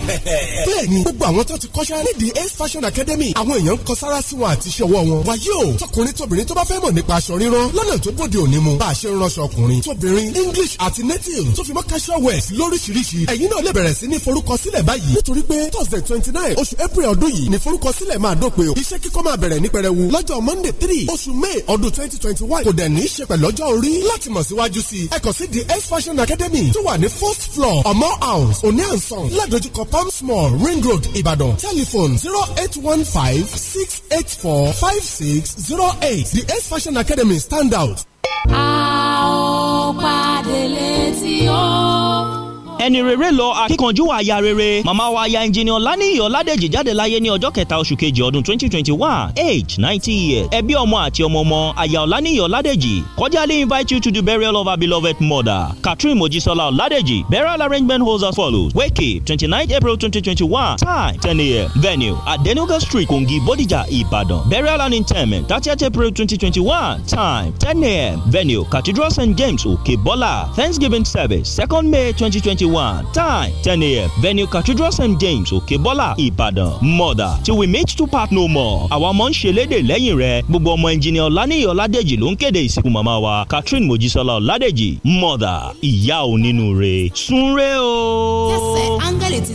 bẹ́ẹ̀ni gbogbo àwọn tó ti kọ́ṣẹ́ nídìí ace fashion academy àwọn èèyàn ń kọ sára sí wọn àti iṣẹ́ ọwọ́ wọn. wàyí o tọkùnrin tóbìnrin tó bá fẹ́ mọ̀ nípa aṣọ rírán lọ́nà tó bóde òní mu bá a ṣe ń ránṣọ ọkùnrin tóbìnrin english àti native tó fi mọ́ casual wears lóríṣiríṣi ẹ̀yin náà lè bẹ̀rẹ̀ sí ní forúkọsílẹ̀ báyìí nítorí pé thursday twenty nine oṣù april ọdún yìí ni forúkọsílẹ̀ máa dópin o iṣẹ́ kíkọ́ máa monday three oṣù may ọdún twenty twenty one kò dẹ̀ ní í ṣe pẹ̀lọ́jọ́ orí láti mọ̀ síwájú sí i ẹ the ace fashion academy tó wà ní first floor ọmọ house oní ànsán ládojúkọ come small ring road ibadan telephone zero eight one five six eight four five six zero eight the ace fashion academy stand out. a ó pàdé létí ó ẹni rere lọ akíkanjú àyà rere màmá wa aya ẹnjìnì ọláníyì ọládèjì jáde láyé ní ọjọ́ kẹta oṣù kejì ọdún twenty twenty one age ninety years ẹbí ọmọ àti ọmọ ọmọ aya ọláníyì ọládèjì cordially invite you to the burial of her beloved mother catherine mojisola ọládèjì burial arrangement holds as follows wake twenty nine april twenty twenty one time ten a.m venue adenuga street kongi bodija ibadan burial and interment thirtieth april twenty twenty one time ten a.m venue cathedral st james okebola thanksgiving service second may twenty twenty 2021. Time 10 a.m. Venue Cathedral St. James, Okebola, Ibadan. Mother, till we meet to part no more. Àwa ọmọ ń ṣe léde lẹ́yìn rẹ̀. Gbogbo ọmọ ẹnjìnìà Ọláníyì Ọládèjì ló ń kéde ìsìnkú màmá wa. Catherine Mojísọ́lá Ọládèjì. Mother, ìyá onínúure. Sunre o. Tẹ̀sẹ̀ áńgẹ́lì ti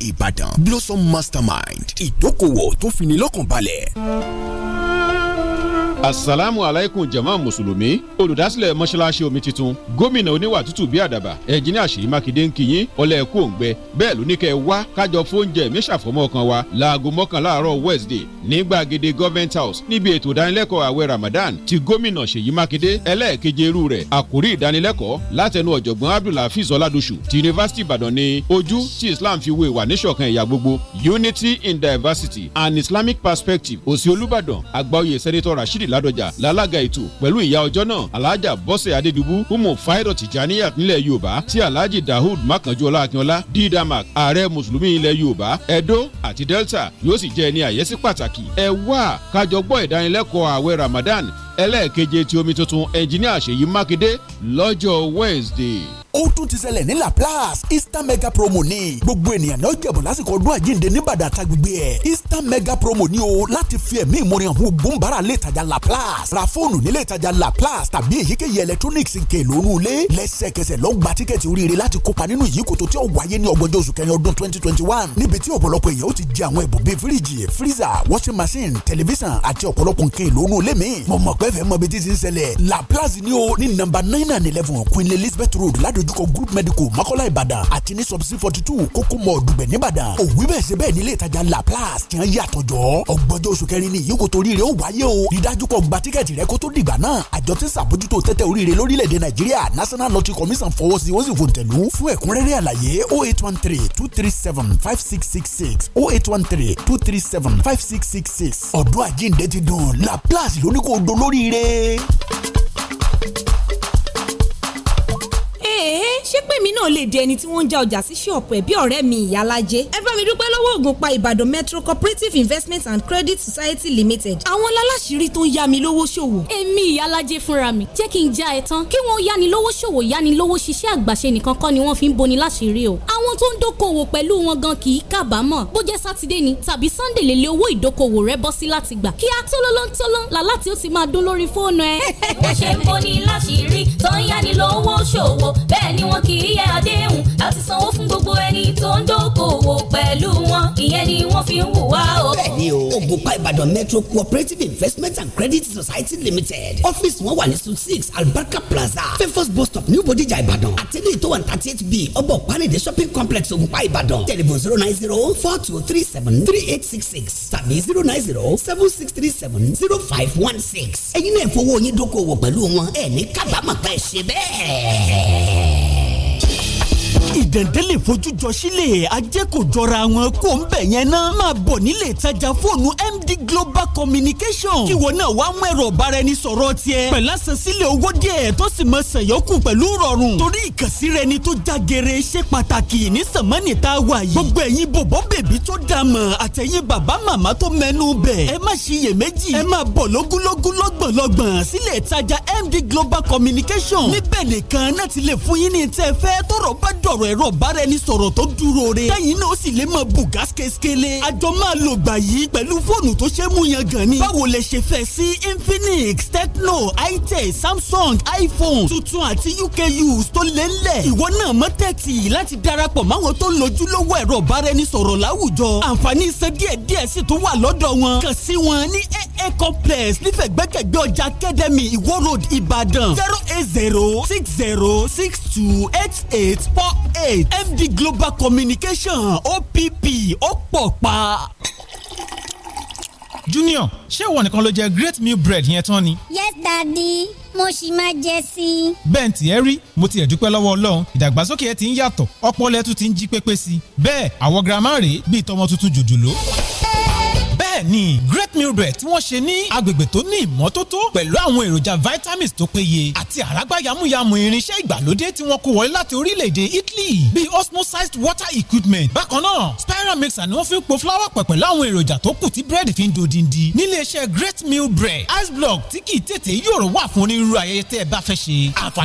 Ìbàdàn Blossom Mastermind ìdókòwò tó fini lọ́kànbalẹ̀ asalaamu alaykum jama musulumi olùdásílẹ̀ mọ́ṣáláṣí omi titun gómìnà oníwà tútù bíi àdàbà ẹ̀jìnìà Ṣèyí Mákindé ń kíyín ọlẹ́ ẹ̀kú òǹgbẹ bẹ́ẹ̀ ló ní kẹ́ ẹ wá kájọ fóúnjẹ mi ṣàfọmọ́ kan wa láago mọ́kànlá àárọ̀ Wednesday ní gbàgede government house níbi ètò ìdánilẹ́kọ̀ọ́ àwẹ̀ Ramadan ti gómìnà Ṣèyí Mákindé ẹlẹ́ẹ̀keje irú rẹ̀ àkórí ìdánilẹ́kọ̀ọ́ látẹnu ọ̀jọ̀gbọ́n Abdulhafiz Ọládùṣù University Ìbàdàn ni ojú Islam fi wé wà Unity in Diversity and Islamic Perspective Òsì Olúbàdàn àgbáòye Sẹ́nitọ́ ládọjà lálága ètò pẹ̀lú ìyá ọjọ́ náà alájà bọ́sẹ̀ adédubú umu fairo tijaniya nílẹ̀ yorùbá tí alhaji dahud makanjuola akínọlá didamak ààrẹ mùsùlùmí ilẹ̀ yorùbá edo àti delta yóò sì jẹ́ ẹni àyẹ́sí pàtàkì ẹ wá kájọ gbọ́ ìdánilẹ́kọ̀ọ́ àwẹ̀ ramadan ẹlẹ́ẹ̀keje ti omi tuntun ẹnjiníà ṣèyí mákindé lọ́jọ́ wednesday ó tún ti ṣẹlẹ̀ ní laplace easter mega promo ni gbogbo ènìyàn náà jẹ̀bọ̀ lásìkò ọdún àjíǹde ní Ìbàdàn àtàgbègbè ẹ̀ easter mega promo ni o láti fi ẹ̀mí ìmúrin àwọn ògbóǹbàrà lè tajà laplace ra fóònù nílé ìtajà laplace tàbí èyíkéyìí electronics nke lónú ilé lẹ́sẹ̀kẹsẹ̀ lọ gba tíkẹ́ẹ̀tì oríire láti kópa nínú ìyíkòtò tí ó wáyé ní ọgbọ̀njọ́ oṣù kẹrin ọdún twenty twenty one níbi tí ọ̀pọ̀lọpọ̀ èèyàn ó freezer washing machine tẹlifíṣàn àti ọ̀pọ̀lọpọ̀ nǹkan ìlónú ilé mi mo mọ̀ pé fẹ́ mọ ibi tí ni o ní nàmbà nine and eleven Queen Elizabeth Road ládùn dojúkọ group medical mọ́kọ́lá ìbàdàn àti ní subsidy forty two kókó mọ́ ọ̀dùgbẹ̀ nìbàdàn òwú bẹ́ẹ̀ ṣe bẹ́ẹ̀ nílé ìtajà laplace tí wọ́n yàtọ̀ jọ ọgbọ́njọ́ oṣù kẹrin ni yíkò torí rẹ̀ ó wáyé o dídájú kọ gba tíkẹ́ẹ̀tì rẹ kó tó dìgbà náà àjọ tí sàbójútó tẹ́tẹ́ oríire lórílẹ̀‐èdè nàìjíríà national lottery commission fọwọ́ sí ó sì fòǹtẹ̀lú fún ẹ̀kúnrẹ́rẹ́ àlàyé oh eight one three two three seven five six six six oh eight one three two three seven five six six six ọ̀dọ́ àjíǹde ti dùn laplace lóníkó dolóríire. ṣé pé mi náà lè di ẹni tí wọ́n ń já ọjà sí ṣọ́ọ̀pù ẹ̀ bí ọ̀rẹ́ mi ìyálájẹ́ ẹ bá mi dúpẹ́ lọ́wọ́ Ògùnpa Ìbàdàn Metro Cooperative Investment and Credit Society Limited àwọn aláṣìírí tó ń yá mi lówó ṣòwò. èmi ìyálájẹ́ fúnra mi jẹ́ kí n já ẹ tán kí wọ́n yáni lówó ṣòwò ni lówó ṣiṣẹ́ àgbàṣe nìkan kọ́ ni wọ́n fi ń boni láṣìírí o àwọn tó ń dókòwò pẹ̀lú wọn gan kì í kábàámọ̀ bó jẹ́ sátidé ni tàbí sunday lè lé owó ìdókòwò rẹ bọ́ sí láti gbà kí á tólólóńtólón làlá tí ó ti máa dún lórí fóònù ẹ. bó ṣe ń boni láṣìírí tó ń yáni lówó ṣòwò wọn kì í yẹ àdéhùn láti sanwó fún gbogbo ẹni tó ń dókòwò pẹ̀lú wọn ìyẹn ni wọ́n fi ń hùwà o. bẹ́ẹ̀ni o ògùnpá ìbàdàn metro cooperative investment and credit society limited ọ́fíìsì wọn wà ní su six albarka plaza fefos bus stop new bodija ìbàdàn àtẹlẹ tó one thirty eight b ọbọ panade shopping complex ògùnpá ìbàdàn tẹlifon zero nine zero four two three seven three eight six six tàbí zero nine zero seven six three seven zero five one six ẹ̀yin náà fowó yín dókòwò pẹ̀lú wọn ẹ̀ ní kábàámọ̀ pé ṣe bẹ́ẹ̀ ìdẹ̀ndẹ́ lè fojú jọ sílẹ̀ ajé kò jọra wọn kó ń bẹ̀ yẹn náà máa bọ̀ nílé ìtajà fóònù MD Global Communication kí wọn náà wá mú ẹ̀rọ ọ̀bára ẹni sọ̀rọ̀ tiẹ̀ pẹ̀lú àṣẹsílẹ̀ owó díẹ̀ tó sì mọ sẹ̀yọ́kù pẹ̀lú rọrùn torí ìkànsírẹ́ni tó já gere ṣe pàtàkì ní sàmánì tá a wà yìí gbogbo ẹ̀yin bọ̀bọ̀ bèbí tó dà mọ̀ àtẹ̀yìn bàbá màmá tó mẹ́nu bẹ̀ ẹ má ṣiyèméjì ẹ máa bọ̀ lógúnlógún lọ́gbọ̀nlọ́gbọ̀n sílẹ̀ ìtajà MD Global Communication níbẹ̀ nìkan náà ti lè fún yín ní tẹ́ fẹ́ tọ́rọ̀ bá dọ̀rọ̀ ọ̀rọ̀ ẹ̀rọ ìbáraẹnisọ̀rọ̀ tó dúró re tẹ́yìn náà sì lè máa bù gas kéékèèlé àjọ máa lò gbà yìí pẹ̀lú fóònù tó ṣe é mú yan gan ni báwo lẹ ṣe fẹ́ sí Infinix Tecno itel Samsung iPhone tuntun àti UKUs tó lé ńlẹ̀ ìwọ náà mọ́ tẹ́tì láti darapọ̀ máwọn tó ń lojúlówó ẹ̀rọ ìbáraẹnisọ̀rọ̀ láwùjọ àǹfààní iṣẹ́ díẹ̀díẹ̀ sì tún wà lọ́dọ̀ wọn kàn sí wọn ní aa complex nífẹ̀gbẹ́kẹ̀gbẹ́ ọjà academy Iwo Road Ìbàdàn zero eight zero six zero six two eight eight four eight MD Global Communication OPP ó pọ̀ pa. Junior ṣé ìwọ nìkan ló jẹ great meal bread yẹn tán ni. yes daddy mo ṣì máa jẹ sí i. bẹ́ẹ̀ tí ẹ rí mo ti ẹ̀ dúpẹ́ lọ́wọ́ Ọlọ́run ìdàgbàsókè ẹ ti ń yàtọ̀ ọpọlọ ẹ tún ti ń jí pépé sí i bẹ́ẹ̀ àwọn girama rèé bíi tọmọ tuntun jòjòló. ẹ bẹ́ẹ̀ni great meal bread tí wọ́n ṣe ní agbègbè tó ní ìmọ́tótó pẹ̀lú àwọn èròjà vitamins tó péye àti àràgbá yamuyamu irinṣẹ́ ìgbàlódé tí wọ́n kó wọlé láti orílẹ̀-èdè Italy bíi osmosized water equipment bákan náà spiral mixer ni wọ́n fi ń po flour pẹ̀ pẹ̀lú àwọn èròjà tó kù tí búrẹ́dì fi ń dodindi nílé iṣẹ́ great meal ice block tí kì í tètè yòrò wà fún onírúurú ayẹyẹ tẹ́ ẹ bá fẹ́ ṣe àǹfààní